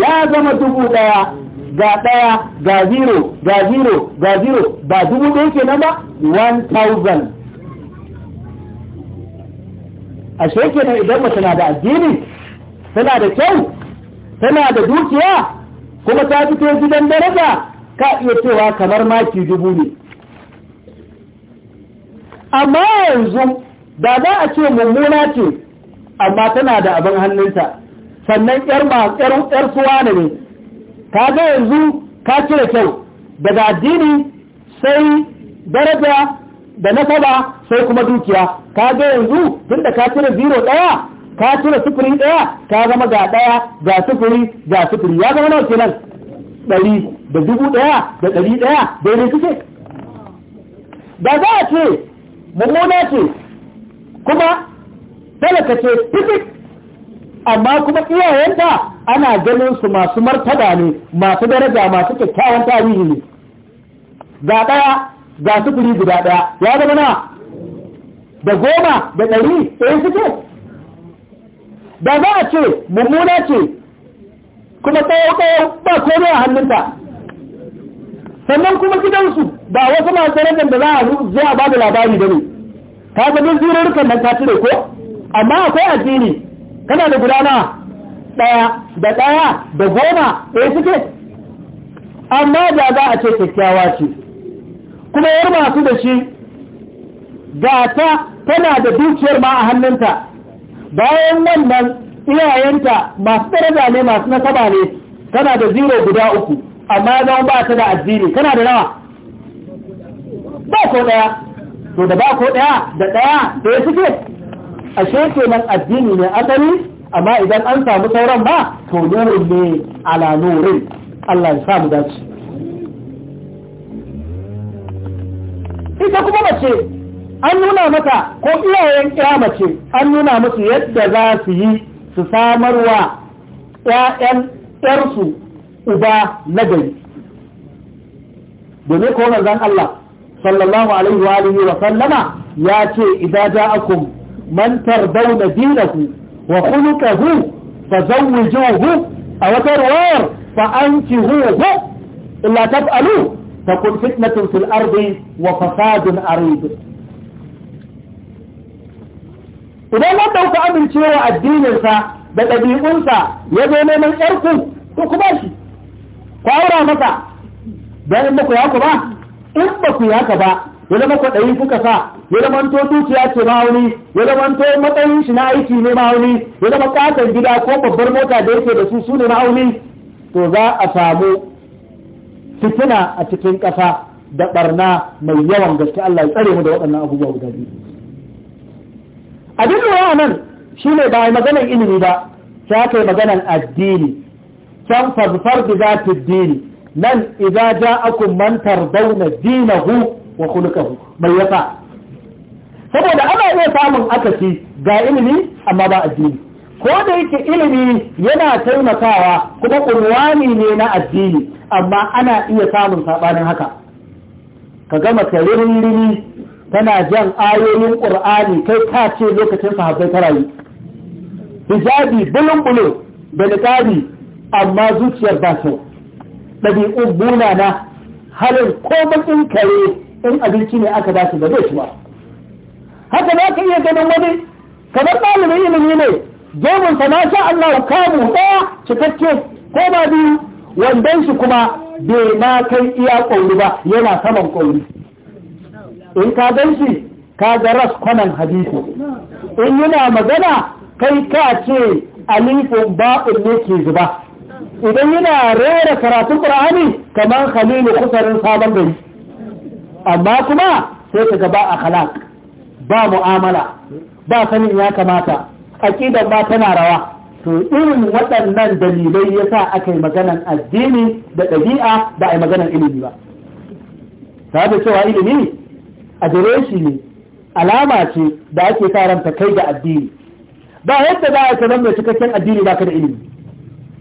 A: ya zama dubu ɗaya ga ɗaya ga zero ga zero ga zero ba dubu ɗaya nan ba thousand ashe kenan idan mace na da addini tana da kyau tana da dukiya kuma ta fito gidan daraja ka iya cewa kamar maki dubu ne amma yanzu ba za a ce mummuna ce amma tana da abin hannunta sannan yar suwa ne ka ga yanzu ka cire kyau daga addini sai daraja da nasaba sai kuma dukiya ka ga yanzu tunda ka cire zero ɗaya ka cire sufuri ɗaya ka zama ga ɗaya ga sufuri ga sufuri ya zama nawa kenan ɗari da dubu ɗaya da ɗari ɗaya yanzu ce Ba za a ce mummuna ce kuma talaka ce fitik amma kuma iyayenta ana ganin su masu martaba ne masu daraja masu kyakkyawan tarihi ne ga ɗaya ga sufuri guda ɗaya ya zama na da goma da ɗari ɗaya suke da za a ce mummuna ce kuma tsawo-tsawo ba komai a hannunta sannan kuma gidansu ba wasu masu ranar da za a zuwa ba da labari da ne ta gabin zirurukan nan ta cire ko amma akwai addini kana da gudana ɗaya da ɗaya da goma ɗaya suke amma da za a ce kyakkyawa ce kuma yar masu da shi gata tana da dukiyar ma a hannunta bayan wannan iyayenta masu daraja ne masu nasaba ne tana da zero guda uku amma zama ba ta da addini tana da nawa ba ko daya to da ba ko daya da daya da ya suke ashe nan addini ne asali amma idan an samu sauran ba to nurin ne ala nurin Allah ya samu dace ita kuma mace an nuna mata ko iyayen ya mace an nuna musu yadda za su yi su samarwa ‘ya'yan ‘yarsu uba na gari domin ko zan Allah sallallahu alaihi wa alihi wa sallama ya ce idan ja'akum man tardawna dinahu wa khuluquhu fa a wata ruwayar fa antihu illa taf'alu تكون فتنة في الأرض وفساد أريد إذا لم تكن أمن شيء الدين سا بدبيعون سا يجب من إرسل تقباشي فأورا مسا بأن إنك ياك با إنك ياك با يلا ما قد أيفك سا يلا ما أنتو توتي أتي ماوني يلا ما أنتو متأيش نايتي ماوني يلا ما قاتل بلا كوب برموتا ديكي بسوسوني ماوني تو ذا أسامو fitina a cikin ƙasa da ɓarna mai yawan gaske Allah ya tsare mu da waɗannan abubuwa guda biyu abin lura nan shine ba maganar ilimi ba sai aka yi maganar addini can fazfar bi zati dini nan idza ja'akum man tardawna dinahu wa khuluquhu mai yasa saboda ana iya samun akasi ga ilimi amma ba addini ko da yake ilimi yana taimakawa kuma ƙunwani ne na addini amma ana iya samun saɓanin haka ka gama taririn tana jan ayoyin ƙur'ani kai ta ce lokacin sahabbai ta rayu hijabi bulun da niƙari amma zuciyar ba ɗabi ɗabi'un na, halin ko bakin kare in abinci ne aka ba su ba zai shi ba haka za ka iya ganin wani kamar ɗalibin ilimi ne domin sa masha Allah kamu ɗaya cikakke ko ba biyu wandon shi kuma bai ma kai iya ƙauri ba yana saman ƙauri in ka gan shi ka ga ras kwanan hadisi in yana magana kai ka ce alifin ba'in ne ke zuba idan yana rera karatun ƙur'ani kamar halilu kusarin sabon gari amma kuma sai ka gaba a halak ba mu'amala ba sanin ya kamata aƙidar ba tana rawa to irin waɗannan dalilai ya sa aka yi maganan addini da ɗabi'a ba a yi maganan ilimi ba ta da cewa ilimi a gare shi ne alama ce da ake sa ranta kai ga addini ba yadda za a sanar mai cikakken addini ba ka da ilimi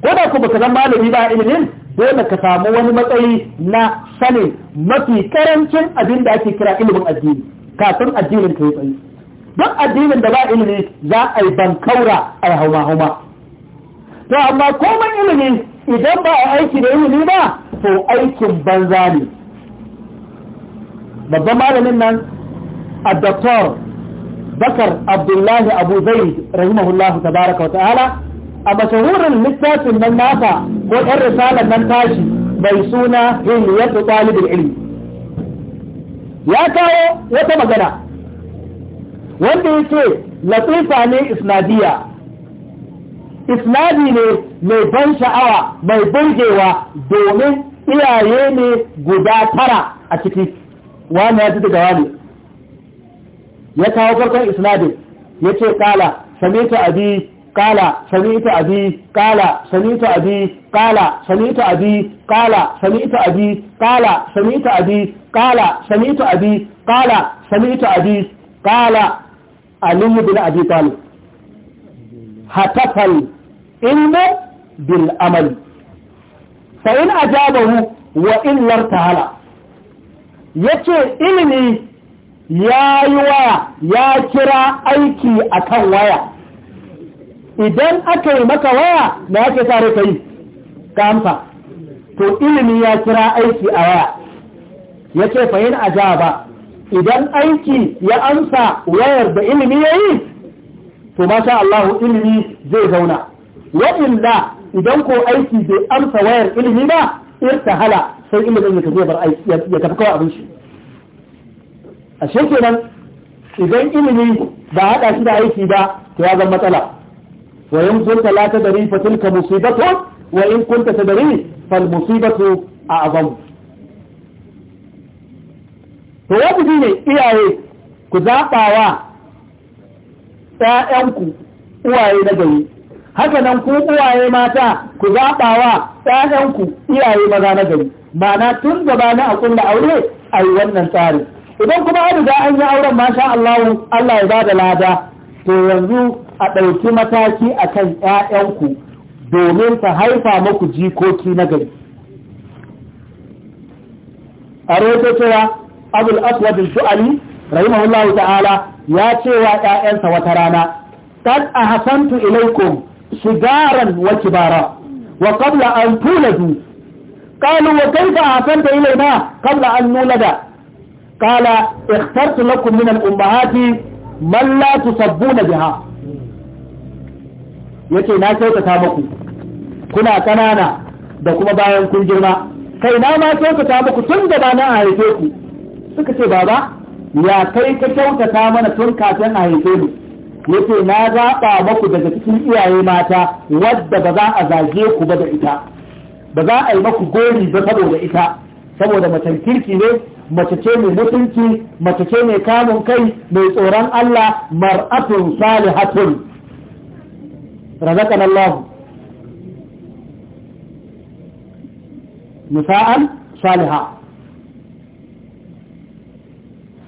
A: ko da kuma ka zan malami ba ilimin dole ka samu wani matsayi na sanin mafi karancin abin da ake kira ilimin addini kafin addinin ka yi tsayi duk addinin da ba ilimi za a yi bankaura a yi hauma-hauma to amma komai ilimi idan ba a aiki da ilimi ba to aikin banza ne babban malamin nan a doktor bakar abdullahi abu zai rahimahullahu tabaraka wa ta'ala a mashahurin littafin nan nasa ko ɗan risalar nan tashi mai suna hiliyatu ɗalibin ilimi ya kawo wata magana wanda ya ce latifa ne isnadiya isnadi ne mai ban sha'awa mai burgewa domin iyaye ne guda tara a ciki wani ya ji daga wani ya kawo farkon isnadi ya ce kala samita abi kala samita abi kala samita abi kala samita abi kala samita abi kala samita abi kala samita abi kala samita abi kala aliyu bin abi talib hatafal ilmu bil amali fa in ajabahu wa illar tahala yace ilimi ya yi waya ya kira aiki akan waya idan aka yi maka waya da ake tare ka yi ka to ilimi ya kira aiki a waya yace fa in ajaba idan aiki ya amsa wayar da ilimi ya yi to masha Allah ilimi zai zauna wa'illa idan ko aiki bai amsa wayar ilimi ba hala, sai ilimin ya tafi bar aiki ya tafi kawai abin shi a shekenan idan ilimi ba haɗa shi da aiki ba to ya zama matsala wa in kunta la tadri fa tilka musibatu wa in kunta tadri fal musibatu a'zamu to wajibi ne iyaye ku zaɓawa ‘ya'yanku uwaye na gari haka nan ku uwaye mata ku zaɓawa ‘ya'yanku iyaye maza na gari ma'ana tun gaba na a kulla aure a yi wannan tsari idan kuma an riga an yi auren masha Allah Allah ya bada lada to yanzu a ɗauki mataki a kan ‘ya'yanku domin ta haifa muku jikoki na gari a cewa abul aswad al-shu'ali rahimahullahu ta'ala ya ce wa ƴaƴansa wata rana kad ahsantu ilaykum sigaran wa kibara wa qabla an tuladu قالوا وكيف أحسنت إلينا an nulada نولد ikhtartu lakum min al-ummahati man la tusabbuna biha yace na kyautata muku kuna kanana da kuma bayan kun girma kai na ma kyautata muku tun da ba na haife ku suka ce baba ya kai ka kyautata mana tun kafin a haife mu ce na zaɓa maku daga cikin iyaye mata wadda ba za a zage ku ba da ita ba za a yi maku gori ba saboda ita saboda macen kirki ne mace ce mai mutunci mace ce mai kamun kai mai tsoron Allah mar'atun salihatun razaqan Allah misa'an salihah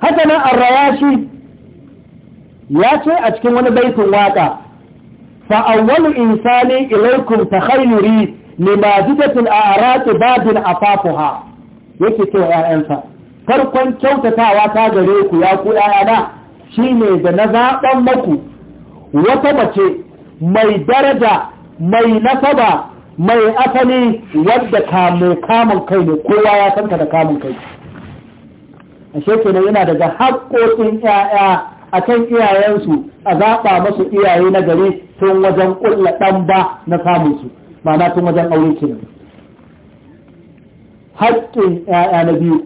A: haka nan shi ya ce a cikin wani baitin waka fa awwalu insani ilaykum takhayyuri limazidatil a'raq babin afafuha yake cewa 'ya'yansa. farkon kyautatawa ta gare ku ya ku ƴaƴana shine da na zaɓan maku wata mace mai daraja mai nasaba mai asali wadda kamun kamun kai ne kowa ya santa da kamun kai ashe kenan yana daga haƙoƙin a akan iyayensu a zaɓa masu iyaye na gari tun wajen ƙulla ɗan ba na samun su ma'ana tun wajen aure kenan haƙƙin 'ya'ya na biyu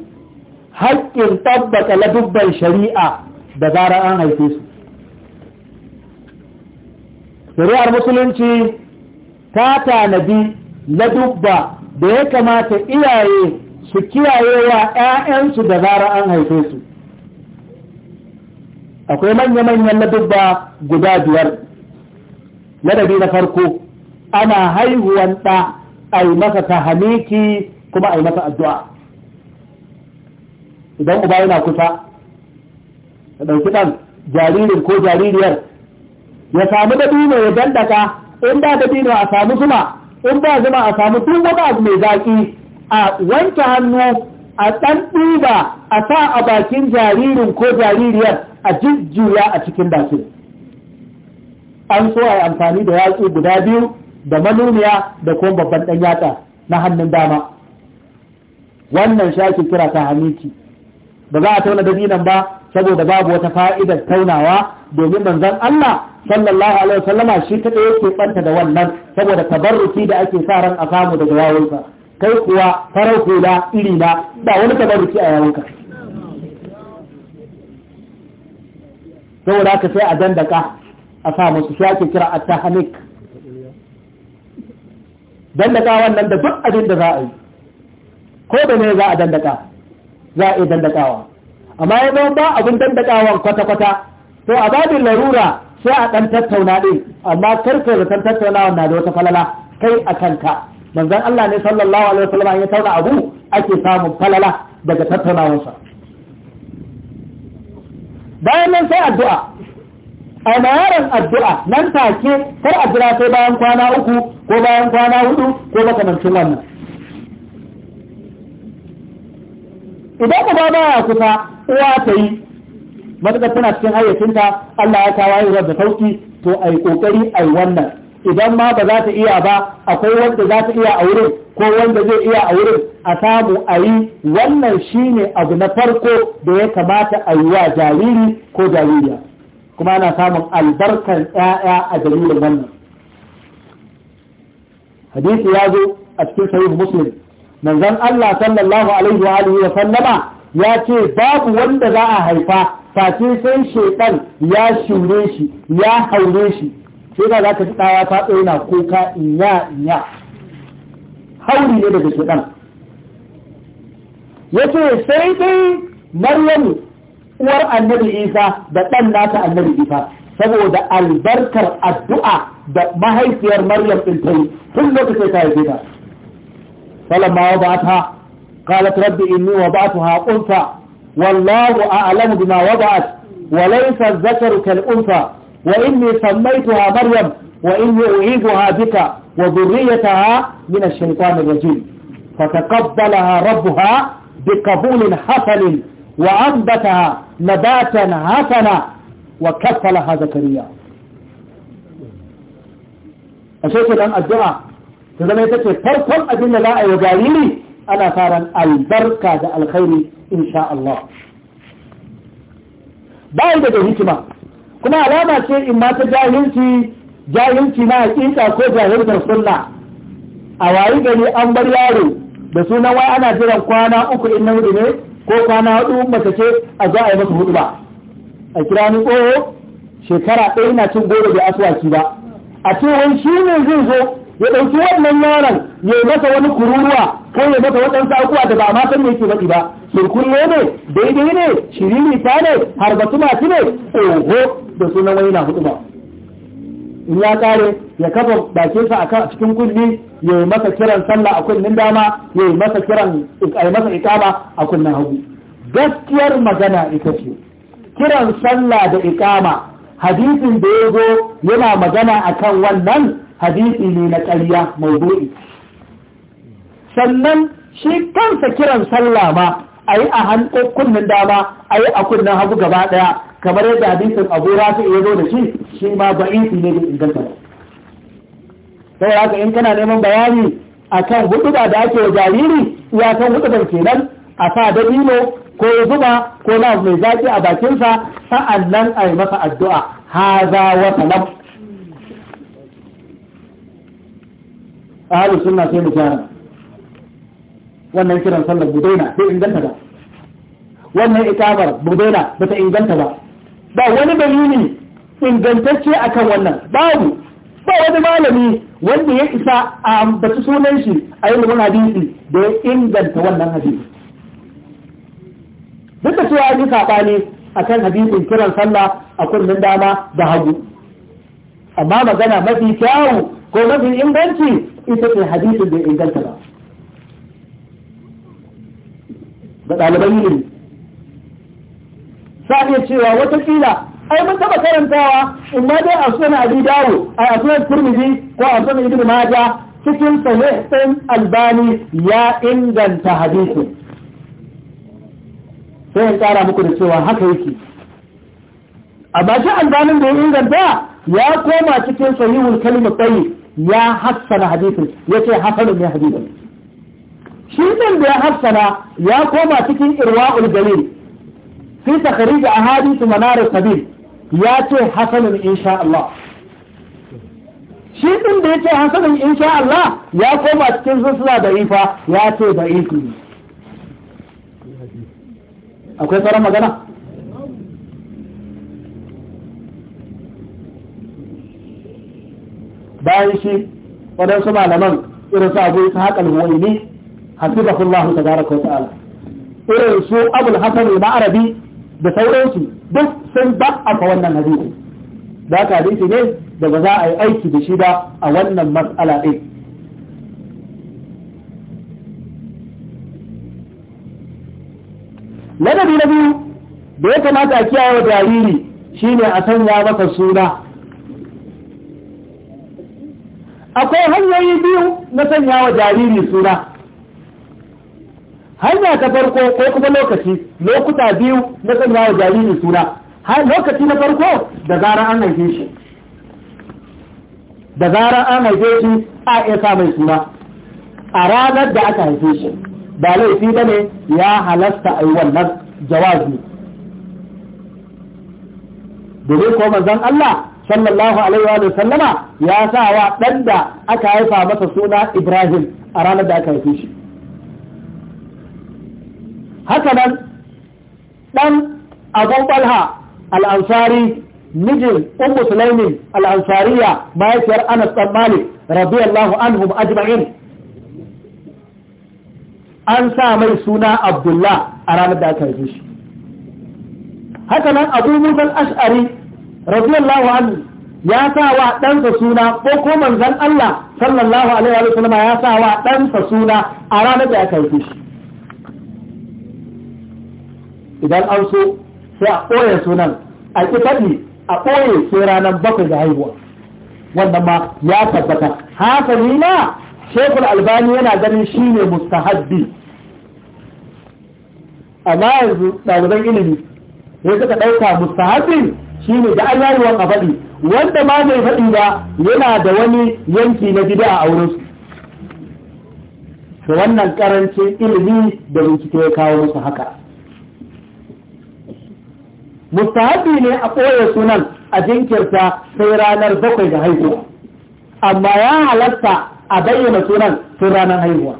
A: haƙƙin tabbata ladubban shari'a da zarar an haife su shari'ar musulunci ta tanadi ladubba da ya kamata iyaye su kiyaye wa 'ya'yansu da zara an haife su akwai manya-manyan dubba guda biyar ladabi na farko ana haihuwan ɗa a yi masa hamiki kuma a yi masa addu'a idan uba yana kusa da ɗauki ɗan jaririn ko jaririyar ya samu dabino ya dandaka in ba dabino a sami zuma in ba zuma a sami duk wani abu mai zaƙi a wanke hannu a ɗan ɗuba a sa a bakin jaririn ko jaririyar a jujjuya a cikin bakin an so a yi amfani da yatsu guda biyu da manuniya da kuma babban ɗan yatsa na hannun dama wannan shaki kira ta hamiki ba za a tauna zinan ba saboda babu wata fa'idar taunawa domin manzon Allah sallallahu alaihi wasallama shi kaɗai yake ɓanta da wannan saboda tabarruki da ake sa ran a samu daga yawunsa kai kuwa farar hula iri na ba wani tabarruki a yawonka saboda haka sai a dandaka a sa musu shi ake kira a tahanik dandaka wannan da duk abin da za a yi ko da ne za a dandaka za a yi dandakawa amma ya zama ba abin dandakawan kwata-kwata to a babin larura sai a ɗan tattauna ɗin amma karfe da tattaunawa na da wata falala kai a kanka manzon Allah ne sallallahu alaihi wasallam ya tauna abu ake samun falala daga tattaunawarsa bayan nan sai addu'a a mayaran addu'a nan take kar a jira sai bayan kwana uku ko bayan kwana hudu ko makamancin wannan idan uba ba ya kusa uwa ta yi matuƙar tana cikin hayyacinta Allah ya kawo yi da sauki to a yi ƙoƙari a yi wannan idan ma ba za ta iya ba akwai wanda za ta iya a wurin ko wanda zai iya a wurin a samu a yi wannan shine abu na farko da ya kamata a yi wa jariri ko jaririya kuma ana samun albarkan 'ya'ya a dalilin wannan hadisi ya zo a cikin sahih muslim manzon Allah sallallahu alaihi wa alihi wa sallama ya ce babu wanda za a haifa face sai shekan ya shure shi ya haure shi sai da za ka ji ɗaya ta ɗaya kuka inya inya hauri ne daga kiɗan ya ce sai dai maryam uwar annabi isa da ɗan nata annabi isa saboda albarkar addu'a da mahaifiyar maryam ɗin ta yi tun lokacin ta haife ta falamma wa ba ta قالت رب إني وضعتها أنثى والله أعلم بما وضعت وليس الذكر كالأنثى وإني سميتها مريم وإني أعيدها بك وذريتها من الشيطان الرجيم فتقبلها ربها بقبول حسن وعبتها نباتا حسنا وكفلها زكريا الشيخ الآن الجعة تظن يتكي فرصم أجل لا يجاليني أنا فارا البركة الخير إن شاء الله بعد ذلك kuma alama ce in mata ta jahilci jahilci na hakika ko jahilcin sunna a wayi gani an bar yaro da sunan wai ana jiran kwana uku in namiji ne ko kwana hudu mace ce a za a yi masa hudu ba a kira ni shekara ɗaya na cin goro da asuwaki ba a ce wai shi ne zai zo ya ɗauki wannan yaron ya masa wani kururuwa ko ya masa waɗansu akuwa da ba matan san me yake baɗi ba surkulle ne daidai ne Shirin ta ne har ba su masu ne oho da sunan wani na hudu ba in ya kare ya kafa bakinsa akan cikin kulli ya yi masa kiran sallah a kunnen dama ya yi masa kiran yi masa ikama a kunnen hagu gaskiyar magana ita ce kiran sallah da ikama hadisin da ya zo yana magana akan wannan hadisi ne na ƙarya maudu'i sannan shi kansa kiran sallah ma a yi a hannun kunnen dama a yi a kunnen hagu gaba ɗaya kamar yadda hadisin abu fi ya zo da shi shi ma ba'isi ne da inganta sai haka in kana neman bayani a kan huɗuba da ake wa jariri ya kan ke kenan a sa dabino ko ya zuba ko na mai zaki a bakinsa sa'an nan a yi masa addu'a haza wa salam أهل السنة سيئ مشارك وأنه يكرم صلى بدينة بإنجلتها وأنه إكابر بدينة بإنجلتها با وني بليني إنجلتك أكونا باو با وني مالني وني يكسى عم بتسونيش أين من حديثي بإنجلت وانا حديث بتسوى عجيس عطاني أكان حديث إنكرم صلى أكون من داما بهجو amma magana mafi kyawu ko mafi inganci ita ce hadisin da inganta ba ga ɗaliban ilimi sa iya cewa watakila ai mun taba karantawa in ma dai a sunan abi dawo ai a sunan turmizi ko a sunan ibn maja cikin sahih din albani ya inganta hadisi sai in kara muku da cewa haka yake amma shi albanin da ya inganta ya koma cikin sahihul kalimar tsayi ya hassana hadisin ya ce hasanun ne hadisin shi nan da ya hassana ya koma cikin irwa'ul galil fi takhrij ahadith manar sabil ya ce hasanun insha Allah shi din da ya ce hasanun insha Allah ya koma cikin susula da ifa ya ce da ifi akwai sauran magana bayan shi waɗansu malaman irin su abu ta haƙal huwaini hafizahullahu tabaraka wa ta'ala irin su abul hasan al-arabi da sauransu duk sun ba a wannan hadisi da haka hadisi ne da ba za a yi aiki da shi ba a wannan mas'ala ɗin ladabi na biyu da ya kamata a kiyaye wa jariri shine a sanya masa suna akwai hanyoyi biyu na sanya wa jariri suna hanya ta farko ko kuma lokaci lokuta biyu na sanya wa jariri suna lokaci na farko da zara an haife shi da zara an haife shi a iya mai suna a ranar da aka haife shi ba laifi ba ne ya halasta a yi wannan jawabi domin ko manzon Allah sallallahu alaihi wa sallama ya sa wa ɗan da aka haifa masa suna Ibrahim a ranar da aka haife shi haka nan ɗan abun ɓalha al'ansari mijin ummu sulaimin al'ansariya mahaifiyar anas ɗan malik radiyallahu anhum ajma'in an sa mai suna abdullah a ranar da aka haife shi haka nan abu musan ash'ari radiyallahu anhu ya sa wa ɗansa suna ko ko manzon Allah sallallahu alaihi wa sallam ya sa wa ɗansa suna a ranar da aka yi shi idan an so sai a ɓoye sunan a ƙi a ɓoye sai ranar bakwai da haihuwa wannan ma ya tabbata ni na shekul albani yana ganin shi ne mustahabbi amma yanzu ɗaliban ilimi sai suka ɗauka mustahabbi shine da an yayi a faɗi wanda ma bai faɗi ba yana da wani yanki na gida a wurin su to wannan karancin ilimi da bincike ya kawo musu haka mustahabi ne a ɓoye sunan a jinkirta sai ranar bakwai da haihuwa amma ya halatta a bayyana sunan tun ranar haihuwa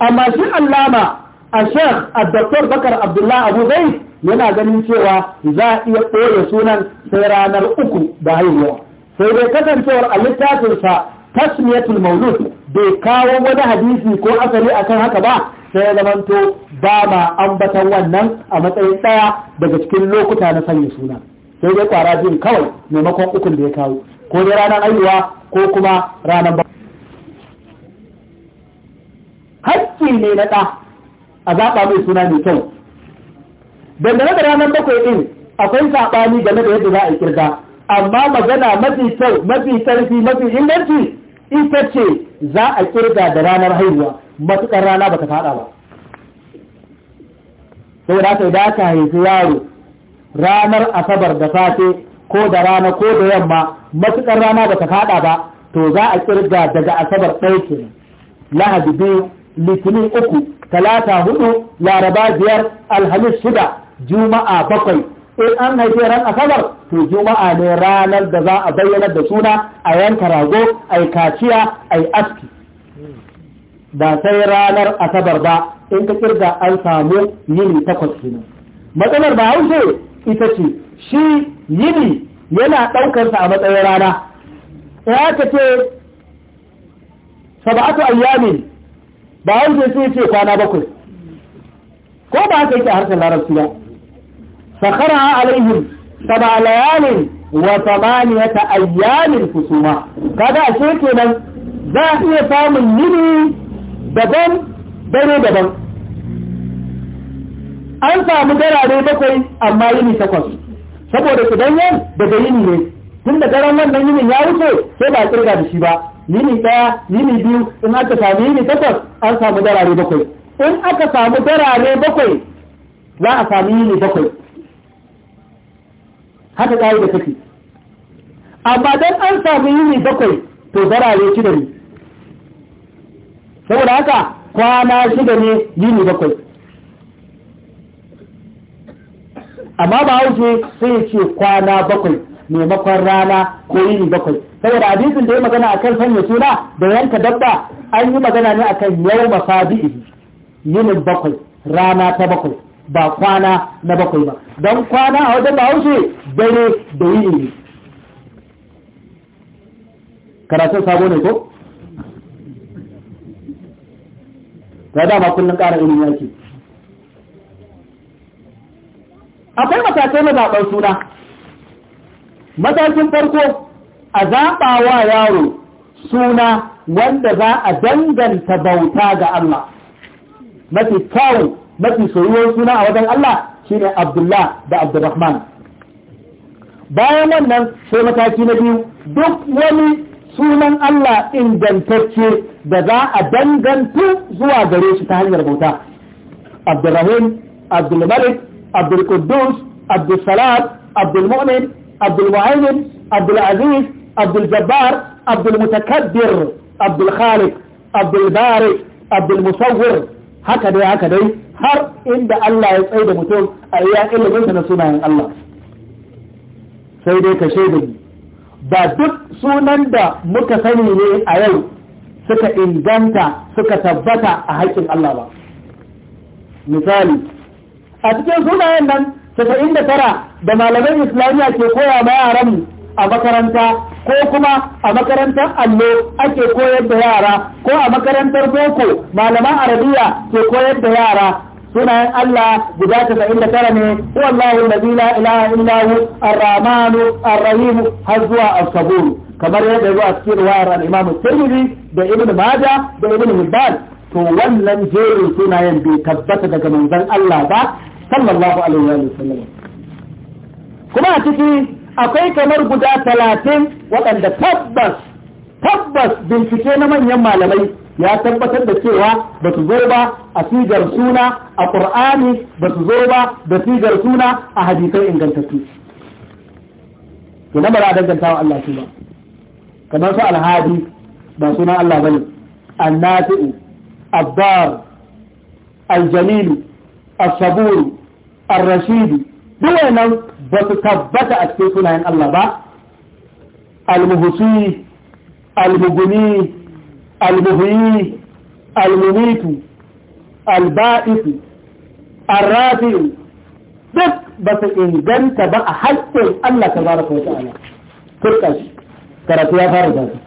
A: amma shi allama a shek a doktor bakar abdullahi abu zai yana ganin cewa za a iya ɓoye sunan sai ranar uku da haihuwa sai dai kasancewar a littafinsa tasmiyatul maulud bai kawo wani hadisi ko asali akan haka ba sai ya zamanto ba ma ambatan wannan a matsayin ɗaya daga cikin lokuta na sanya suna sai dai kwara biyun kawai maimakon ukun da ya kawo ko dai ranar haihuwa ko kuma ranar ba hakki ne na ɗa a zaɓa mai suna mai kyau dangane da ranar bakwai ɗin, akwai saɓani game da yadda za a kirga amma magana mafi kyau mafi karfi mafi inganci ita ce za a kirga da ranar haihuwa matuƙar rana ta faɗa ba sai da sai da aka haifi yaro ranar asabar da safe ko da rana ko da yamma matuƙar rana bata faɗa ba to za a kirga daga asabar ɗaya lahadi biyu litinin uku talata hudu laraba biyar alhamis shida juma'a bakwai in an haife ran asabar to juma'a ne ranar da za a bayyanar da suna a yanka rago a yi kaciya a aski ba sai ranar asabar ba in ka kirga an samu yini takwas kenan matsalar ba haushe ita ce shi yini yana ɗaukarsa a matsayin rana ya ka ce sabatu ayyami ba haushe sai ce kwana bakwai ko ba haka yake harshen larabci ba sakhara alaihim saba layalin wa ta ayyamin husuma kaga ashe kenan za a iya samun yini daban dare daban an samu darare bakwai amma yini takwas saboda idan yan daga yini ne tun da daren wannan yinin ya wuce sai ba a kirga da shi ba yini ɗaya yini biyu in aka samu yini takwas an samu darare bakwai in aka samu darare bakwai za a samu yini bakwai haka ƙari da take amma don an samu ne bakwai to zarare shida ne saboda haka kwana shida ne ne bakwai amma ba hauce sai ce kwana bakwai maimakon rana ko yi ne bakwai saboda abisun da ya magana a kan sanya suna da yanka dabba an yi magana ne a akan yau yi yinin bakwai rana ta bakwai ba kwana na bakwai ba don kwana a wajen bahaushe dare da yi ne karatun sabo ne ko? ta dama kullum ƙara ilimin yake akwai matakai na zaɓar suna matakin farko a zaɓa wa yaro suna wanda za a danganta bauta ga Allah mafi kyawun mafi soyuwar suna a wajen Allah shine Abdullah da Abdurrahman bayan wannan sai mataki na biyu duk wani sunan Allah ingantacce da za a danganta zuwa gare shi ta hanyar bauta Abdurrahim Abdulmalik Abdulquddus Abdulsalam Abdulmu'min Abdulmuhaimin Abdulaziz Abduljabbar Abdulmutakabbir Abdulkhaliq Abdulbarik Abdulmusawwir haka dai haka dai har inda Allah ya tsaye da mutum a iya ilimin na sunayen Allah sai dai ka shaida ni ba duk sunan da muka sani ne a yau suka inganta suka tabbata a haƙƙin Allah ba misali a cikin sunayen nan 99 da malaman islamiyya ke koya ma yaran mu. a makaranta ko kuma a makarantar allo ake koyar da yara ko a makarantar boko malaman arabiya ke koyar da yara sunayen Allah guda tasa'in da tara ne wallahu allazi la ilaha illa hu ar har zuwa as kamar yadda zuwa cikin riwayar al-Imam Tirmidhi da Ibn Majah da Ibn Hibban to wannan jerin sunayen bai tabbata daga manzon Allah ba sallallahu alaihi wa sallam kuma a ciki akwai kamar guda talatin waɗanda tabbas tabbas bincike na manyan malamai ya tabbatar da cewa ba su zo ba a sigar suna a ƙur'ani ba su zo ba da sigar suna a hadisai ingantattu to na bara danganta wa Allah ba kamar su alhadi ba suna Allah bane annafi'u abdar aljalilu as-sabur ar rashidu duk wannan ba su tabbata a cikin sunayen Allah ba almuhusi almuguni almuhuyi almunitu alba'isu arrafin, duk ba su inganta ba a haƙƙin Allah ta baraka wa ta'ala turka shi karatu ya fara da su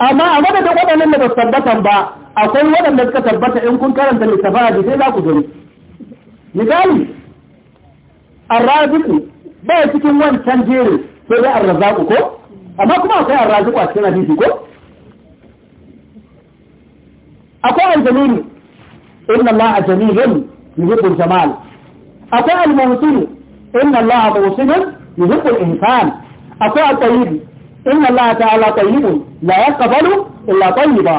B: amma a madadin waɗannan da ba su tabbatan ba akwai waɗanda suka
A: tabbata in kun karanta littafa a sai za ku gani misali arraziku ba cikin wancan jerin sai dai arrazaku ko amma kuma akwai arraziku a cikin hadisi ko akwai aljamilu inna allaha jamilun yuhibbul jamal akwai almuhsinu inna allaha muhsinun yuhibbul ihsan akwai at-tayyib inna allaha ta'ala tayyibun la yaqbalu illa tayyiba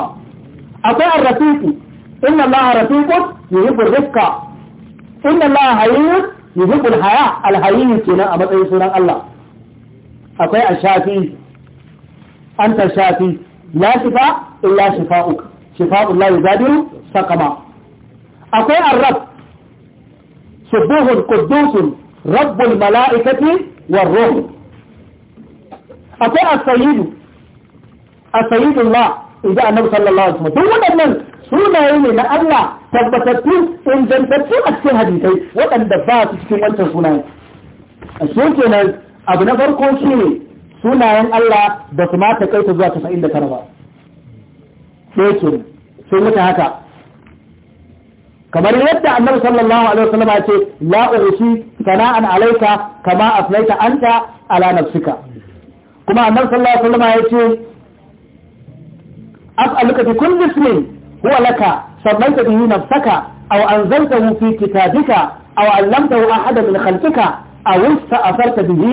A: akwai ar-rafiq inna allaha rafiqun yuhibbur rifqa إن الله حيي يحب الحياة الحيي كنا أبدا يسونا الله أقول الشافي أنت الشافي لا شفاء إلا شفاءك شفاء الله يبادر سقما أقول الرب سبوه القدوس رب الملائكة والروح أقول السيد السيد الله إذا النبي صلى الله عليه وسلم دون أبنى sunaye ne na Allah tabbatattu ingantattu a cikin hadisai waɗanda ba su cikin wancan sunaye. a shi kenan abu na farko shi ne sunayen Allah ba su ma ta kaita zuwa tasa'in da tara ba sai ke sai mutu haka kamar yadda annabi sallallahu alaihi wasallam ya ce la ushi sana'an alaika kama aflaita anta ala nafsika kuma annabi sallallahu alaihi wasallam ya ce as'aluka bi kulli ismin هو لك صليت به نفسك أو أنزلته في كتابك أو علمته أحد من خلفك أو استأثرت به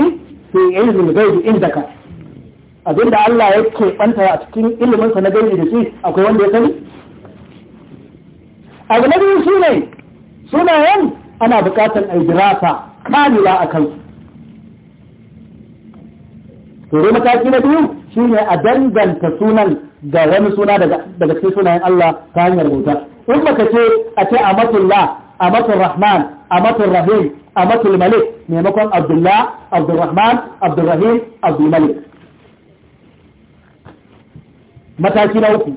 A: في علم الغيب عندك أظن الله يبكي أنت أتكين إلا من سنجل يدسي أو كوان بيسني أغلب يسوني سنة يوم أنا بكاتا الإجراسة كان لا أكل في رمتاكين بيو شيني أدنبن تسونا ga wani suna daga cikin sunayen Allah ta hanyar rubuta in baka ce a ce amatullah amatul rahman amatul rahim amatul malik maimakon abdullah abdurrahman abdurrahim malik mataki na uku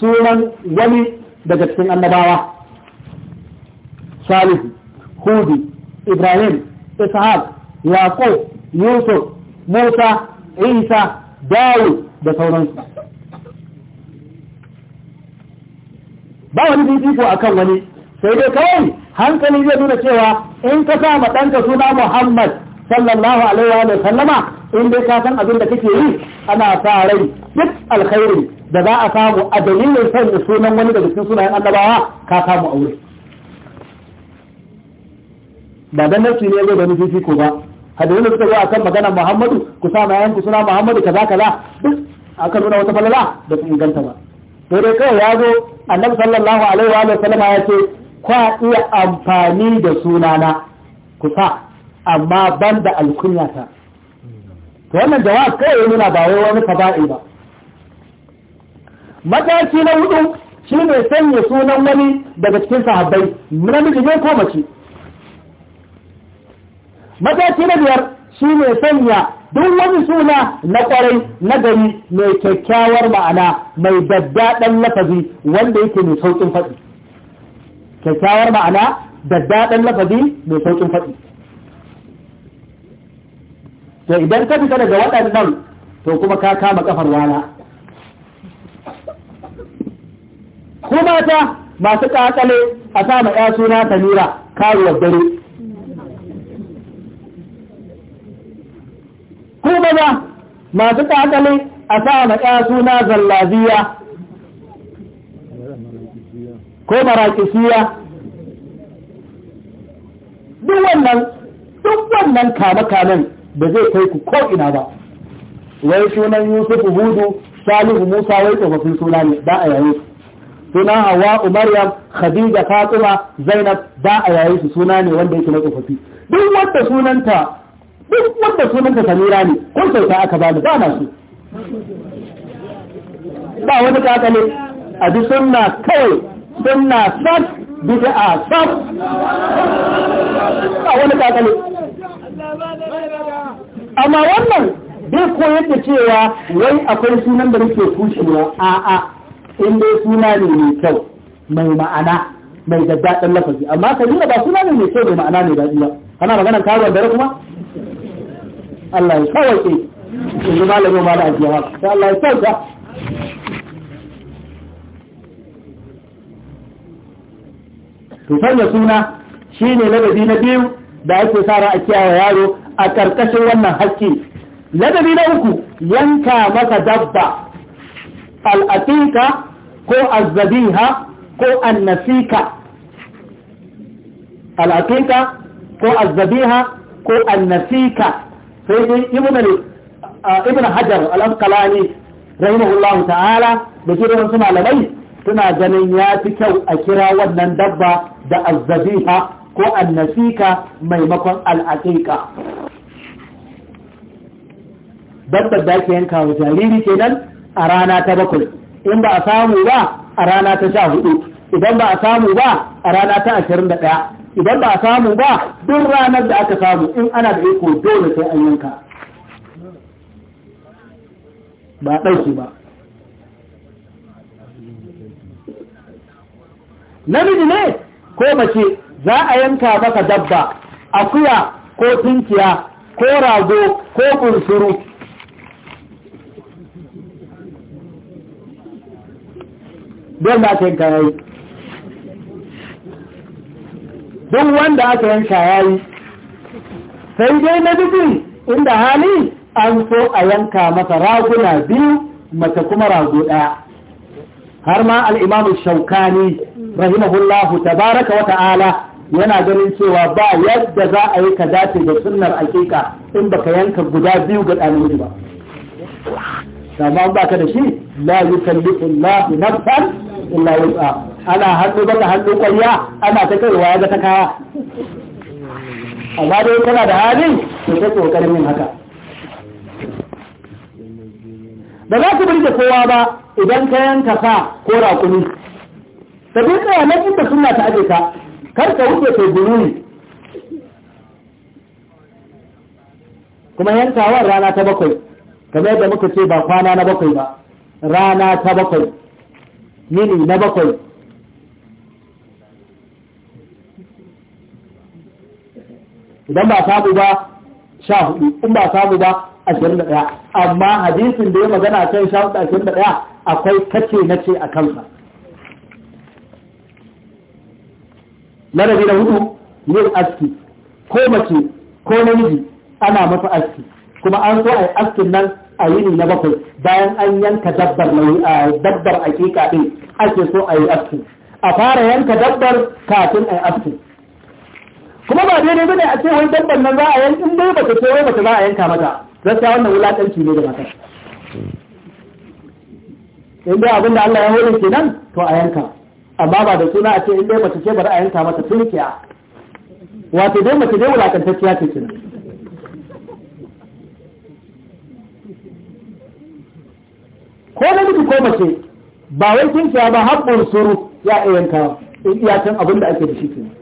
A: sunan wani daga cikin annabawa salih hudi ibrahim ishaq yaqub yusuf musa isa dawud da sauransu ba wani a akan wani sai dai kawai hankali zai nuna cewa in ka sa ma ɗanka suna Muhammad sallallahu alaihi wa sallama in dai ka san abin da kake yi ana sa rai duk alkhairi da za a samu a dalilin san sunan wani daga cikin sunayen annabawa ka samu aure ba dan nasu ne zai da nufi ko ba hadirin da suka zo akan maganar Muhammadu ku sa ma yanku suna Muhammadu kaza kaza duk aka nuna wata falala da inganta ba to dai kawai ya zo annabi sallallahu alaihi wa sallama ya ce kwa iya amfani da sunana kusa amma ban da alkunyata to wannan jawab kawai nuna ba wai wani faba'i ba mataki na hudu shi ne sanya sunan wani daga cikin sahabbai namiji ne ko mace mataki na biyar shi ne sanya duk wani suna na kwarai na gari mai kyakkyawar ma'ana mai daddaɗan lafazi wanda yake mai sauƙin faɗi kyakkyawar ma'ana daddaɗan lafazi mai sauƙin faɗi to idan ka fita daga waɗannan to kuma ka kama kafar wala kuma ta masu ƙaƙale a sama ya suna samira karuwar dare ba maza masu kakale a sa na suna zallabiya ko marakisiya duk wannan duk wannan kame-kamen da zai kai ku ko'ina ba wai sunan yusuf hudu salihu musa wai tsofaffin suna ne ba a yayin su suna hawa umaryam khadija fatima zainab ba a yayin su suna ne wanda yake na tsofaffi duk wanda sunanta duk wanda sunan ta samira ne ko ka aka bani ba na su
B: ba wani kakale a ji
A: sunna kawai sunna sab bisa a sab ba wani kakale amma wannan bai koyar da cewa wai akwai sunan da nake kushewa a'a in dai suna ne mai kyau mai ma'ana mai daddaɗin lafazi amma kalila ba suna ne mai kyau mai ma'ana ne daɗi ba kana maganar karuwar dare kuma Allah ya kawace yanzu malamin ma da ajiya sai Allah ya sauka to sanya suna shine ladabi na biyu da ake sa a kiyaye yaro a karkashin wannan hakki ladabi na uku yanka masa dabba al'atika ko azzabiha ko annasika al'atika ko azzabiha ko annasika sai dai ibn ibn hajar al-asqalani rahimahullahu ta'ala da shi da wasu malamai suna ganin ya fi kyau a kira wannan dabba da azzabiha ko annasika maimakon al'aqiqa dabbar da ake yanka wa jariri kenan a rana ta bakwai in ba a samu ba a rana ta sha hudu idan ba a samu ba a rana ta ashirin da ɗaya idan ba a samu ba duk ranar da aka samu in ana da iko dole sai an yanka ba ɗauki ba namiji ne ko mace za a yanka maka dabba akuya ko tunkiya ko rago ko kunsuru don ba ta yanka yayi duk wanda aka yanka yayi sai dai na dubi inda hali an so a yanka masa raguna biyu mace kuma rago ɗaya har ma al'imamu shaukani rahimahullahu tabaraka wa ta'ala yana ganin cewa ba yadda za a yi ka dace da sunnar aƙiƙa in baka yanka guda biyu ga ɗalibi ba amma ba ka da shi la yukallifu Allah nafsan illa wus'a ana hannu baka hannu kwalya ana ta kaiwa ya ga ta kaya amma dai kana da halin da ta kokarin yin haka ba za ku birge kowa ba idan ka yanka sa ko raƙumi ta bi na inda suna ta aje kar ka wuce kai ne. kuma yankawar rana ta bakwai kamar da muka ce ba kwana na bakwai ba rana ta bakwai yini na bakwai idan ba samu ba sha hudu in ba samu ba ashirin da ɗaya amma hadisin da ya magana kan sha hudu ashirin da ɗaya akwai kace na ce a kansa larabi da hudu yin aski ko mace ko namiji ana masa aski kuma an so a yi askin nan a yini na bakwai bayan an yanka dabbar dabbar akika ɗin ake so a yi askin, a fara yanka dabbar kafin a yi askin. kuma ba daidai bane a ce wani dabban nan za a yanka in dai bata ce wai bata za a yanka mata gaskiya wannan wulakanci ne da mata in dai abinda Allah ya hore kenan to a yanka amma ba da suna a ce in dai mace ce bari a yanka mata tunkiya wato dai mace dai wulakantacciya ce kenan ko na namiji ko mace ba wai tunkiya ba haƙƙon suru ya iya yanka in iyakan abinda ake da shi kenan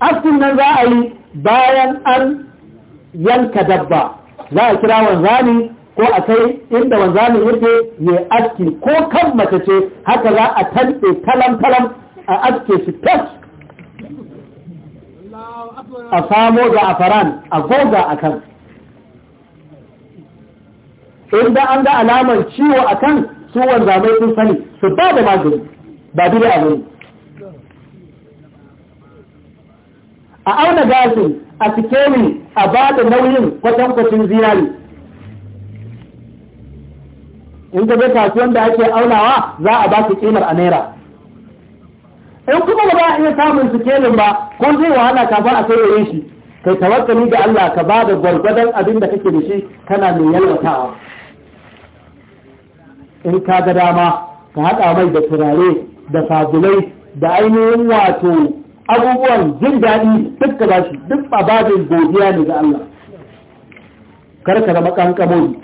A: askin nan za a yi bayan an yanka dabba za a kira wanzani ko a kai inda wanzani yake ya aski ko kan mace ce haka za a tanɗe talam-talam a aske shi tas a samo da a faran a goga a kan inda an ga alamar ciwo a kan su wanzamai sun sani su ba da magani ba bile a a auna gasin, a ni a ba da nauyin kwatankwacin ziyari. in ka je kasuwan da ake aunawa za a ba su kimar a naira in kuma ba a iya samun sikelin ba ko zai wahala ka ba a sai shi kai tawakkali ga Allah ka ba da gwargwadon abin da kake da shi kana mai yalwatawa in ka ga dama ka haɗa mai da turare da fagulai da ainihin wato abubuwan jin daɗi duk da ba shi duk babajin godiya ne ga Allah karka zama kankamoni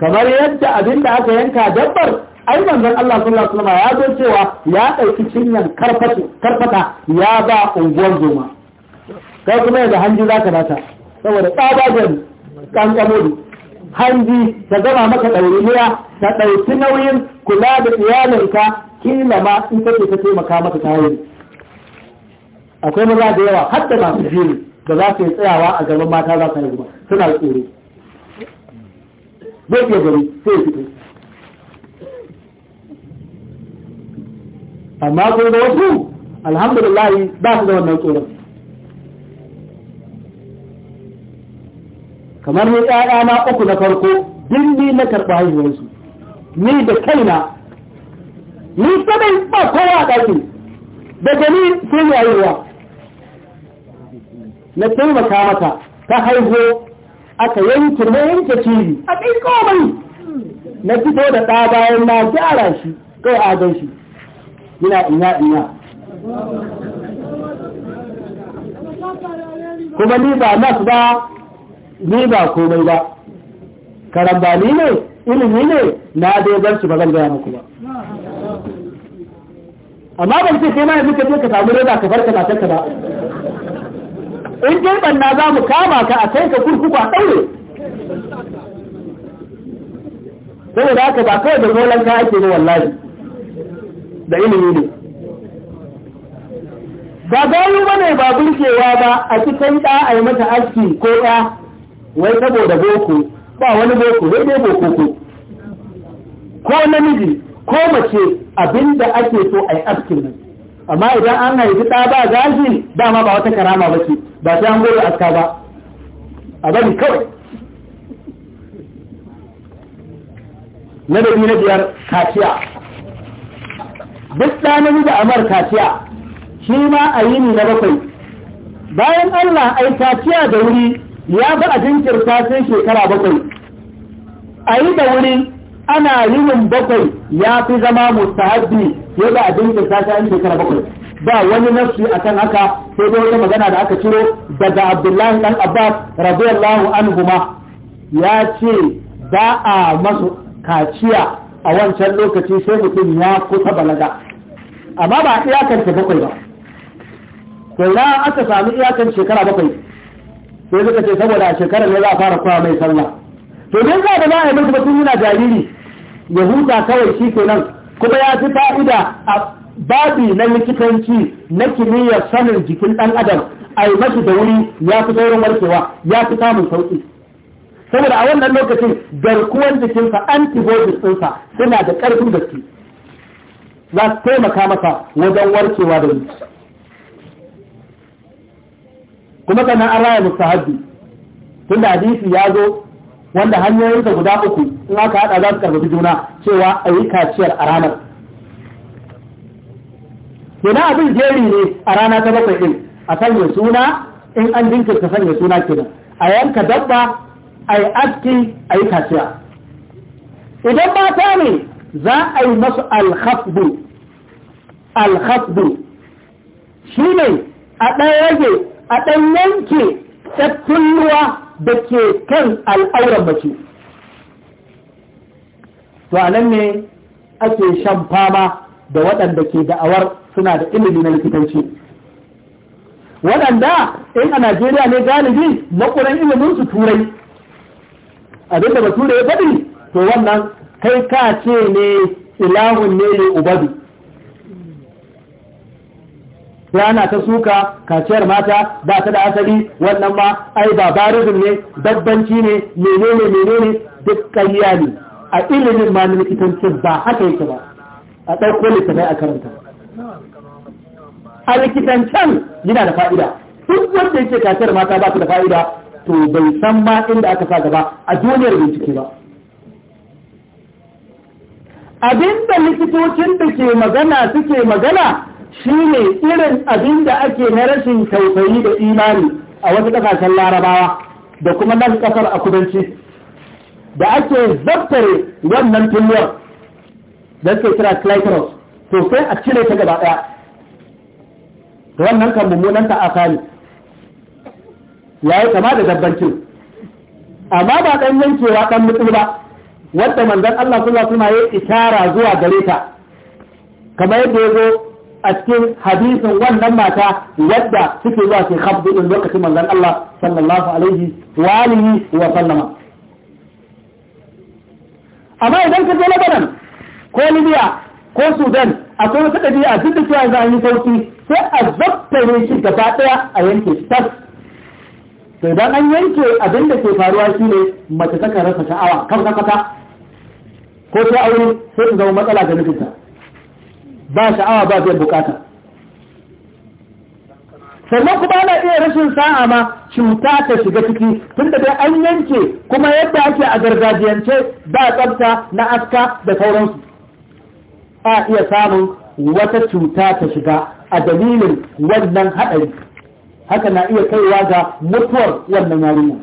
A: kamar yadda abin da aka yanka dabbar ai manzon Allah sallallahu alaihi wasallam ya zo cewa ya ɗauki cinyan karfata ya ba unguwar zoma kai kuma da hanji zaka bata saboda tsabagen kankamoni hanji ta gama maka ɗauriya ta ɗauki nauyin kula da iyalinka kila ma in take ta taimaka maka ta akwai maza da yawa har da masu jini da za su yi tsayawa a gaban mata za su yi haihuwa suna tsoro zai iya gari sai ya fito amma ko da wasu alhamdulillah ba su da wannan tsoron kamar ni ƴaƴa na uku na farko dindi na karɓa haihuwarsu ni da kaina ni kadai ba kowa a ɗaki daga ni sun yayi haihuwa na taimaka mata ta haihu aka yanke na yanke ciri a kai komai na fito da ɗa bayan na gyara shi kai adon shi ina ina ina
B: kuma ni ba nas
A: ba ni ba komai ba karambani ne ilimi ne na dai shi ba zan gaya muku ba amma ban ce sai ma yanzu ka je ka samu reza ka farka na tanka ba in girban na za mu kama ka a kai ka kurkuku a ɗaure
B: saboda haka ba kawai da
A: zolan ka ake ne wallahi da ilimi ne ba gayu ba ne ba burkewa ba a cikin ɗa a yi mata aski ko ɗa wai saboda boko ba wani boko wai dai boko ko ko namiji ko mace abinda ake so a yi askin nan amma idan an haifi ɗa ba gashi dama ba wata karama ba ce ba sai an gode aska ba a bari kawai na na biyar kaciya duk ɗanin da amar kaciya shi ma a yi na bakwai bayan allah ai kaciya da wuri ya ba a jinkirta sai shekara bakwai a yi da wuri ana min bakwai ya fi zama mustahabbi ya ba a jinkirta sai shekara bakwai ba wani a akan haka sai dai wani magana da aka ciro daga Abdullahi dan Abbas radiyallahu anhuma ya ce ba a masu kaciya a wancan lokaci sai mutum ya kusa balaga amma ba a iyakance bakwai ba to na aka sami iyakar shekara bakwai sai suka ce saboda a shekarar ne za a fara kowa mai sallah to dai za da za a yi mutu batun yana jariri ya huta kawai shi kenan kuma ya fi fa'ida a babi na likitanci na kimiyyar sanin jikin ɗan adam a yi mashi da wuri ya fi saurin warkewa ya fi samun sauƙi saboda a wannan lokacin garkuwar jikinsa antibodies ɗinsa suna da ƙarfin gaske za su taimaka masa wajen warkewa da wuri kuma sannan an raya mustahabbi tun da hadisi ya zo wanda hanyoyinsa guda uku in aka haɗa za su karɓi juna cewa a yi kaciyar a ranar kenan abin jeri ne a rana ta bakwai din a sanya suna in an jinkirta sanya suna kenan a yanka dabba a yi aski a yi kaciya idan mata ne za a yi masu alhafdu alhafdu shi ne a ɗan rage a ɗan yanke tsattun da ke kan al'auran mace to a nan ne ake shan fama da waɗanda ke da'awar suna da ilimi na likitanci waɗanda in a najeriya ne galibi makonan ilimin su turai abin da bature ya faɗi to wannan kai ka ce ne ilahun ne ne ubadu na ta suka kaciyar mata ba ta da asali wannan ma ai ba barizin ne dabbanci ne menene menene duk kayya ne a ilimin ma na likitancin ba haka yake ba a ɗauko littafai a karanta a can yana da fa'ida duk wanda yake kaciyar mata ba su da fa'ida to bai san ma inda aka sa gaba a duniyar bincike ba abinda likitocin da ke magana suke magana shine irin abin da ake na rashin tausayi da imani a wasu kasashen larabawa da kuma nan kasar a kudanci da ake zaftare wannan tunuwar da suke kira clitoris to sai a cire ta gaba ɗaya to wannan kan mummunan aka ne yayi kama da dabbancin amma ba ɗan yankewa ɗan mutu ba wanda manzon Allah Suna alaihi wasallam ya isharar zuwa gare ta kamar yadda ya zo a cikin hadisin wannan mata wadda suke zuwa ke khabdu din lokacin manzon Allah sallallahu alaihi wa alihi wa sallama amma idan ka je Lebanon ko Libya ko Sudan akwai wasu ɗabi'a duk da cewa za a yi sauƙi. sai a zaftare shi gaba ɗaya a yanke shi tas sai idan an yanke abin da ke faruwa shi ne mace ta kan rasa sha'awa kan kwata ko ta aure sai ta zama matsala ga mijinta ba sha'awa ba zai bukata sannan kuma ana iya rashin sa'a ma cuta ta shiga ciki tun da an yanke kuma yadda ake a gargajiyance ba tsabta na aska da sauransu a iya samun wata cuta ta shiga a dalilin wannan haɗari haka na iya kaiwa ga mutuwar wannan yarinya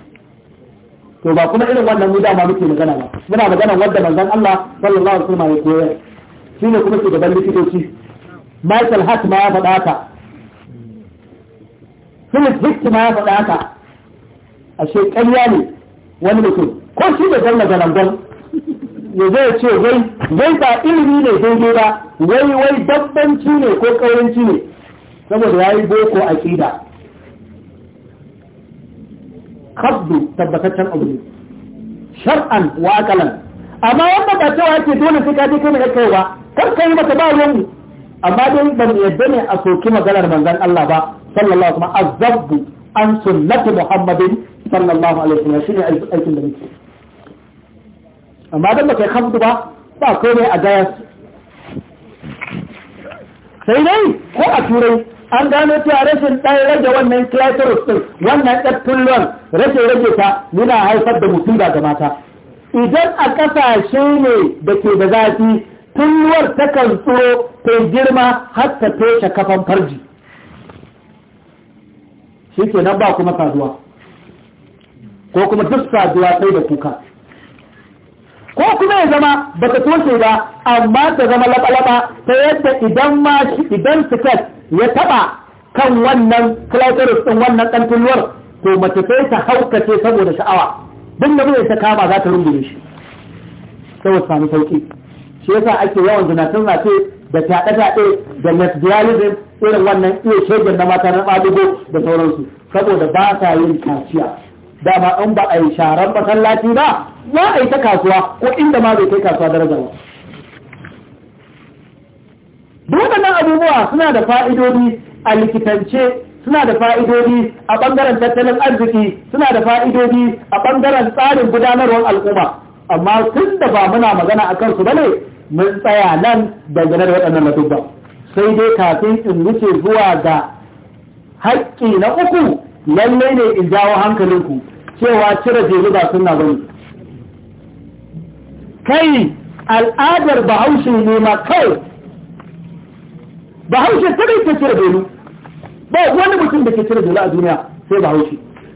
A: to ba kuma irin wannan mu dama muke magana ba muna magana wanda manzon Allah sallallahu alaihi wasallam ya koyar shine kuma shugaban likitoci Michael Hart ma ya faɗa haka Philip Hicks ma ya faɗa haka ashe ƙarya ne wani mutum ko shi da zalla galangon ya zai ce wai wai ba ilimi ne daidai ba wai wai dabbanci ne ko ƙauyanci ne saboda ya yi boko a ƙida kabdu tabbataccen abu ne shar'an wa akalan amma wanda ba cewa ake dole sai ka je kai ne kai ba kar kai mata ba ruwan amma dai ban yadda ne a soki maganar manzon Allah ba sallallahu alaihi wasallam azabbu an sunnati muhammadin sallallahu alaihi wasallam shine aikin da muke amma don baka hamdu ba ba komai a su. sai dai ko a turai an gano cewa rashin ɗan da wannan clitoris ɗin wannan ɗan tullon rashin rage ta yana haifar da mutum ga mata idan a ƙasashe ne da ke da zafi tulluwar takan tsoro ta girma har ta toshe kafan farji shi ke nan ba kuma saduwa ko kuma duk saduwa sai da kuka ko kuma ya zama ba ta toshe ba amma ta zama laɓa ta yadda idan ma idan siket ya taɓa kan wannan clitoris ɗin wannan ɗan tulwar to mace sai ta haukace saboda sha'awa duk da bai ta kama za ta rungume shi saboda samu sauki shi yasa ake yawan zinatun zace da fyaɗe taɗe da lesbianism irin wannan iya shaidar na mata na ɓadugo da sauransu saboda ba ta yin kaciya dama an ba a yi sharar masallaci ba za a yi ta kasuwa ko inda ma bai kai kasuwa darajar? ba abubuwa suna da fa'idodi a likitance suna da fa'idodi a ɓangaren tattalin arziki suna da fa'idodi a ɓangaren tsarin gudanarwar al'umma amma tun da ba muna magana a kansu ba ne mun tsaya nan dangane da waɗannan matubba sai dai kafin in wuce zuwa ga haƙƙi na uku lallai ne in jawo hankalinku cewa cire jelu ba suna ne kai al'adar bahaushe ne ma kai bahaushe kadai ke cire jelu ba wani mutum da ke cire jelu a duniya sai bahaushe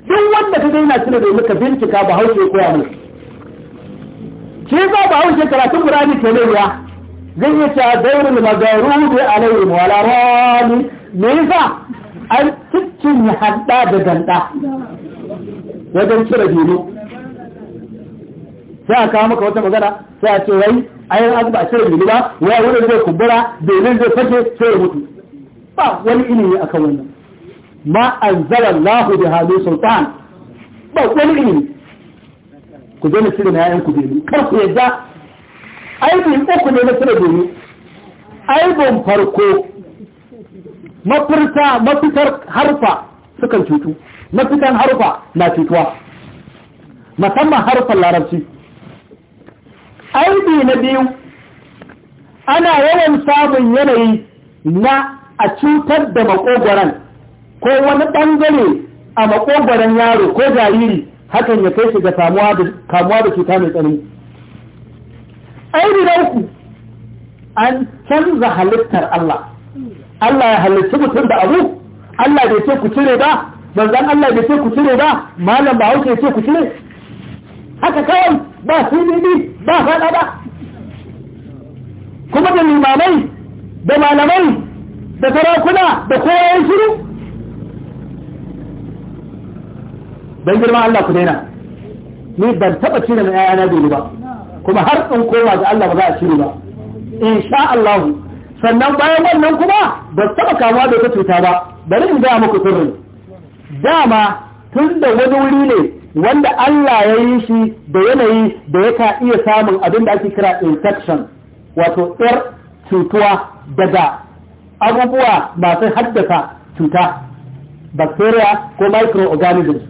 A: duk wanda ka na cire jelu ka bincika bahaushe koya mai shi za bahaushe karatun burani ke ne ya zai yi ta daurin magaru da alayhim wala rani me yasa an cikin hada da ganda wajen cire dino sai a kawo maka wata magana sai a ce wai ayin an ba cire dino ba wai wani zai kumbura domin zai fashe sai ya mutu ba wani ilimi akan wannan ma anzala Allahu bi halu sultan ba wani ilimi ku zo mu cire yayan ku benin kar ku yadda aibin uku ne na cire jini aibin farko mafirta mafitar harfa sukan cutu mafitan harfa na cutuwa musamman harfar larabci aibi na biyu ana yawan samun yanayi na a cutar da makogoran ko wani ɓangare a makogoran yaro ko jariri hakan ya kai shi ga kamuwa da cuta mai tsanani aibi na uku an canza halittar Allah Allah ya halittu mutum da abu Allah bai ce ku cire ba manzan Allah bai ce ku cire ba malam ba hausa ya ce ku cire haka kawai ba sirri ba faɗa ba kuma da limamai da malamai da sarakuna da kowa shiru don girma Allah ku daina ni ban taɓa cire na yayana dole ba kuma har in kowa ga Allah ba za a cire ba In sha Allah sannan bayan wannan kuma ba taɓa kamuwa da ta cuta ba bari in gaya muku sirri dama tun da wani wuri ne wanda Allah ya yi shi da yanayi da ya iya samun abin da ake kira infection wato ɗar cutuwa daga abubuwa masu haddasa cuta bacteria ko microorganisms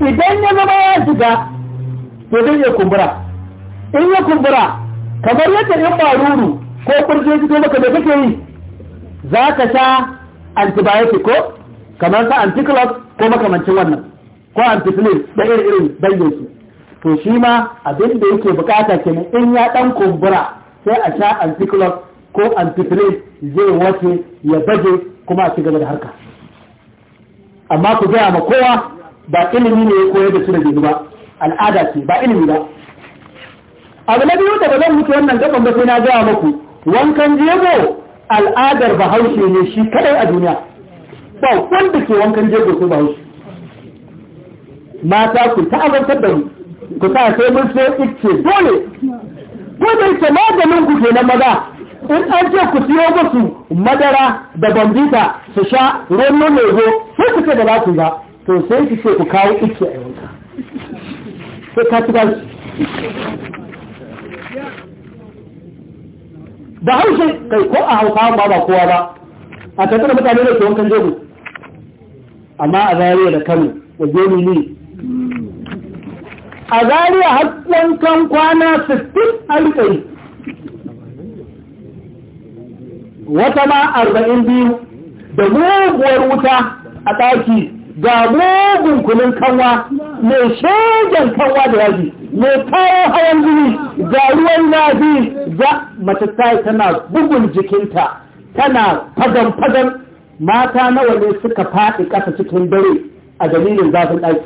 A: idan ya zama ya shiga to zai iya kumbura in ya kumbura kamar yadda yan maruru ko kurje fito maka da kake yi za ka sha antibiotic ko kamar ta antiklos ko makamancin wannan ko antiklos da irin dangin su to shi ma abin da yake bukata kenan in ya dan kumbura sai a sha antiklos ko antiklos zai wace ya baje kuma a cigaba da harka amma ku gaya ma kowa ba ilimi ne ya koyar da su da ba al'ada ce ba ilimi ba abu na biyu da ba zan mutu wannan gaban ba sai na gaya muku wankan jego al'adar bahaushe ne shi kadai a duniya ba wanda ke wankan jirgin su ba shi mata ku ta'azantar da mu ku sa sai mun so ice dole ko da yake maganin ku kenan maza in an ce ku siyo musu madara da bambita su sha ruwan nono sai ku ce da za ku ba to sai ku ce ku kawo ikke a yanka sai ka ci gashi da haushe kai ko a hausa ba ba kowa ba a tattara mutane da ke wankan jego amma a zariya da kano waje ne ne a zariya har kan kwana 60 alƙari wata ma 42 da muguwar wuta a ɗaki ga mugun kunin kanwa mai shagen kanwa da yaji mai kawo hawan jini ga ruwan nafi ga mace tana bugun jikinta tana fagan-fagan mata nawa ne suka faɗi ƙasa cikin dare a dalilin zafin ɗaki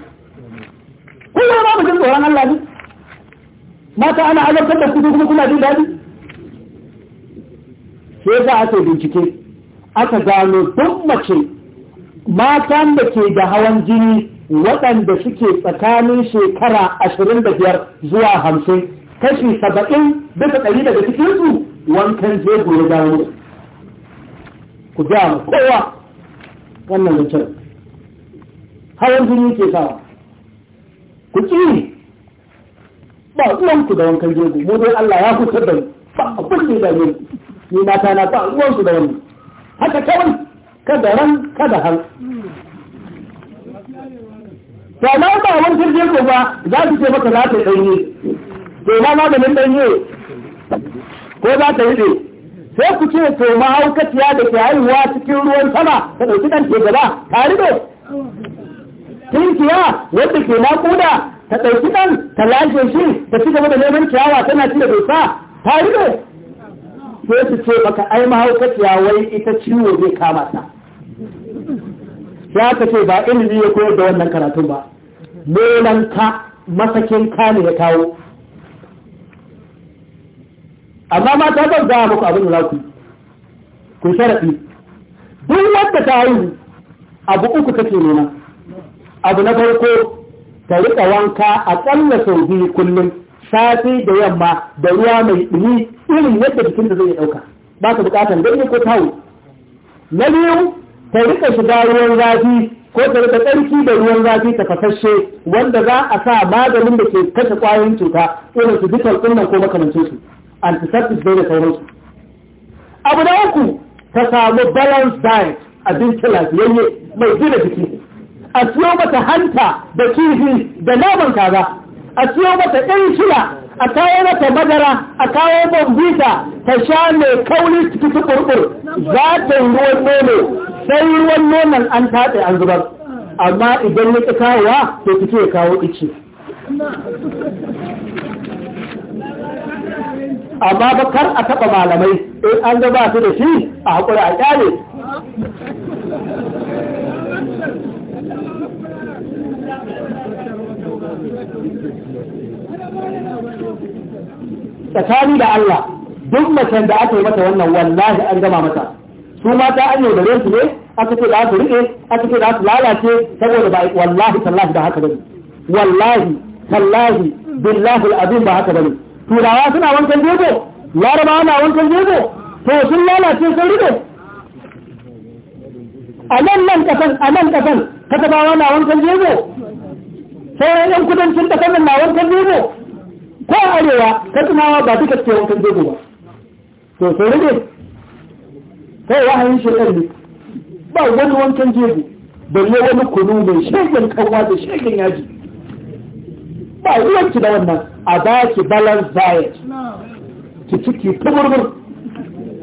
A: kuma ba mu jin tsoron Allah ne mata ana azabtar da kudu kuma kuna jin daɗi sai za a ce bincike aka gano duk mace matan da ke da hawan jini waɗanda suke tsakanin shekara ashirin da biyar zuwa hamsin kashi saba'in bisa ɗari daga cikinsu wankan jego gobe gano ku ja mu kowa wannan mutum hawan jini ke sawa ku ƙi ba ku da wankan jego mu dai Allah ya ku da ba abin da ne ni ta na ba su da wani haka kawai kada ran kada hal to na ba wankan jego ba za su ce maka za ta ɗanye to na maganin ɗanye ko za ta yi sai ku ce to mahaukaciya da ke haihuwa cikin ruwan sama ta ɗauki ɗan ke gaba ta rido kiya wadda ke naƙuda ta ɗauki ɗan ta lashe shi ta ci gaba da neman ciyawa tana ci da dosa tare da sai su ce maka ai mahaukaciya wai ita ciwo zai kama ta ya ka ce ba ilimi ya koyar da wannan karatun ba nolanka masakin kane ya kawo amma mata zan gaya muku abin da za ku ku sharaɗi duk wanda ta yi abu uku take nema abu na farko ta riƙa wanka ƙalla sau biyu kullum safe da yamma da ruwa mai ɗumi irin yadda jikin da zai ɗauka ba ka buƙatar ganye ko tawo na biyu ta riƙa shiga ruwan zafi ko ta riƙa tsarki da ruwan zafi ta fasashe wanda za a sa maganin da ke kashe ƙwayoyin cuta irin su dukkan ɗinnan ko su antiseptic bai da sauransu abu da uku ta samu balance diet abinci lafiyayye mai gina jiki a siyo mata hanta da kifi da naman kaza a siyo mata inshila a kawo mata madara a kawo bambita ta sha mai kauri cikin tukurkur za ta yi ruwan nono sai ruwan nonon an tatse an zubar amma idan ya ƙi kawowa to kike kawo ice
B: amma ba kar a taɓa malamai
A: in an ga ba su da shi a haƙuri a ƙyale tsakani da Allah duk macen da aka yi mata wannan wallahi an gama mata su mata an da su ne aka ce da su riƙe aka ce da su lalace saboda ba wallahi tallahi da haka bane wallahi tallahi billahi al'azim ba haka bane turawa suna wankan jego larabawa na wankan jego to sun lalace sun rido a nan nan kasan a nan kasan katabawa na wankan jego sauran yan kudancin da kanan na wankan jego ko arewa katunawa ba duka ke wankan jego ba to sun rube kai wahayin shekar ne ba wani wankan jego yi wani kunu mai shekin kanwa da shekin yaji ba ruwanki da wannan a ba ki balance diet ki ciki tumurmur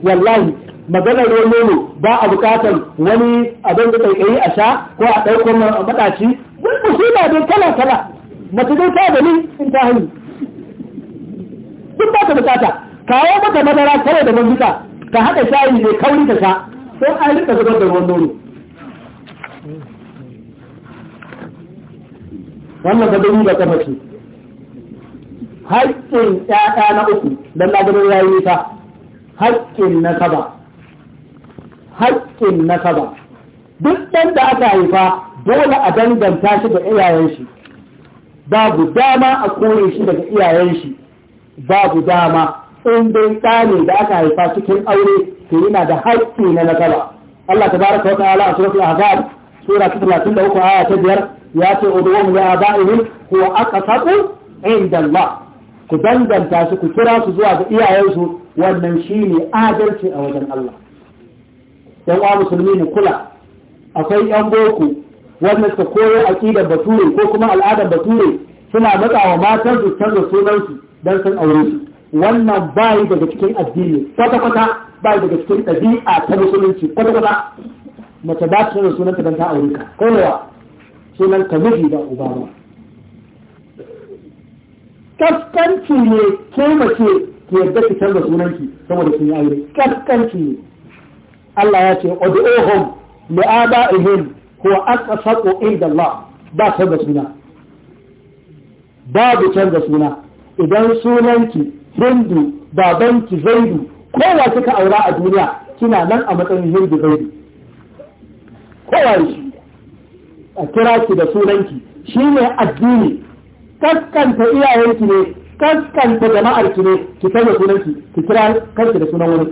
A: wallahi maganar ruwan nono ba a bukatar wani abin da kai a sha ko a ɗaukar maɗaci wani musiba bin kala kala mace zai ta gani in ta hanyar. duk ba ta bukata kawo mata madara kawai da mazuka ka haɗa shayi mai kauri ta sha don an rika zubar da ruwan nono wannan ga dalilin da kafa ce haƙƙin ƴaƴa na uku dan na gano yayi ta haƙƙin na saba haƙƙin na saba duk ɗan da aka haifa dole a danganta shi da iyayen shi babu dama a kore shi daga iyayen shi babu dama in dai tsani da aka haifa cikin aure to yana da haƙƙi na nasaba Allah tabaraka wa ta'ala a suratul ahzab sura 33 aya ta biyar ya ce udwum li abaihim huwa aqsatu inda Allah ku danganta su ku kira su zuwa ga iyayensu wannan shi ne adalci a wajen Allah yan uwa musulmi ne kula akwai yan boko wanda suka koyo aqidar bature ko kuma al'adar bature suna matsa wa matan su canza sunansu don sun aure su wannan bayi daga cikin addini kwata-kwata bayi daga cikin ɗabi'a ta musulunci kwata-kwata mace ba ta canza sunanta don ta aure ka kowa sunan ka miji da uba ba kaskanci ne ke mace ke yadda ki canza sunanki saboda sun yi aure kaskanci ne Allah ya ce ud'uhum li aba'ihim huwa aqsaqu inda Allah ba canza suna babu canza suna idan sunanki hindu babanki zaidu kowa kika aura a duniya kina nan a matsayin hindu zaidu kowa shi a kira ki da sunanki shi ne addini kaskanta iyayenki ne kaskanta jama'ar ki ne ki sanya sunan ki ki kira kanki da sunan wani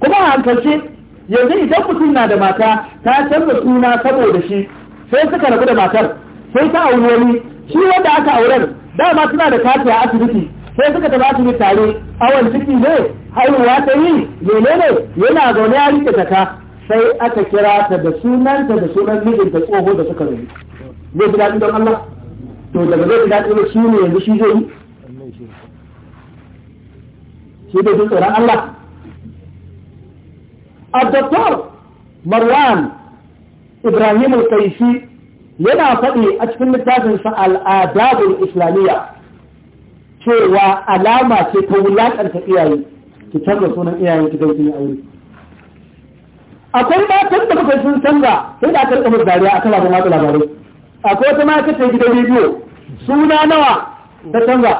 A: kuma a hankalce yanzu idan mutum na da mata ta canza suna saboda shi sai suka rabu da matar sai ta auri wani shi wanda aka auren dama suna da kati a asibiti sai suka tafi asibiti tare awon ciki ne haihuwa ta yi menene yana zaune ya rike jaka sai aka kira ta da sunanta da sunan mijinta tsoho da suka rubu zai fi daɗin don Allah to daga zai fi daɗin shi ne yanzu shi zai yi shi da jin tsoron Allah abdoktor marwan ibrahim al-kaishi yana faɗi a cikin littafinsa al'adabul islamiyya cewa alama ce ta wulaƙanta iyaye ki canza sunan iyayen ki don a aure akwai matan da bakwai sun canza sai da aka rika musu dariya kala abin watsa labarai akwai wata ta gidan rediyo suna nawa ta canza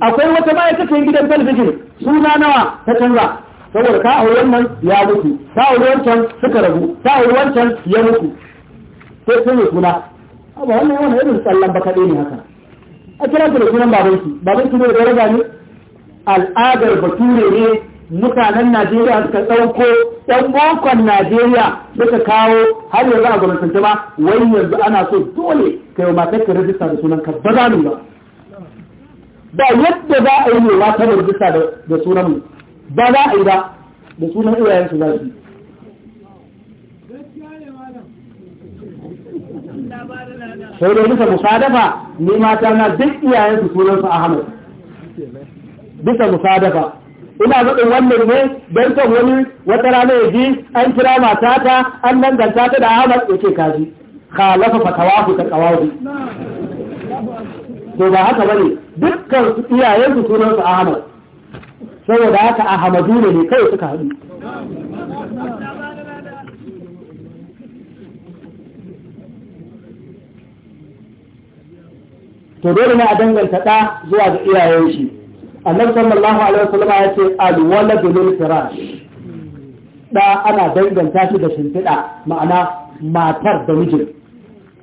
A: akwai wata ma'aikaciyar gidan talabijin suna nawa ta canza saboda ta auri wannan ya mutu ta auri wancan suka rabu ta auri wancan ya mutu sai sun yi suna abu wannan wani irin tsallan baka ɗaya ne haka a kira da sunan babanki babanki ne da daraja ne al'adar bature ne mutanen najeriya suka ɗauko ɗan bokon najeriya suka kawo har yanzu a gwamnatin ba wai yanzu ana so dole ka yi matar ka rajista da sunan ka ba za mu ba ba yadda za a yi ne ma ta rajista da sunan mu ba za a yi ba da sunan iyayen su za su sai da bisa musadafa ni mata na duk iyayen su sunan su ahmad bisa musadafa ina zaɗin wannan ne don kan wani wata rana ya ji an kira matata an danganta ta da ahmad ya ce kaji khalafa fatawahu ta qawahu
B: to ba haka bane
A: dukkan su iyayen su sunan su ahmad saboda haka ahmadu ne kai suka haɗu to dole ne a danganta ɗa zuwa ga iyayen shi annabi sallallahu alaihi wasallam ya ce alwaladu lil firash da ana danganta shi da shimfiɗa ma'ana matar da mijin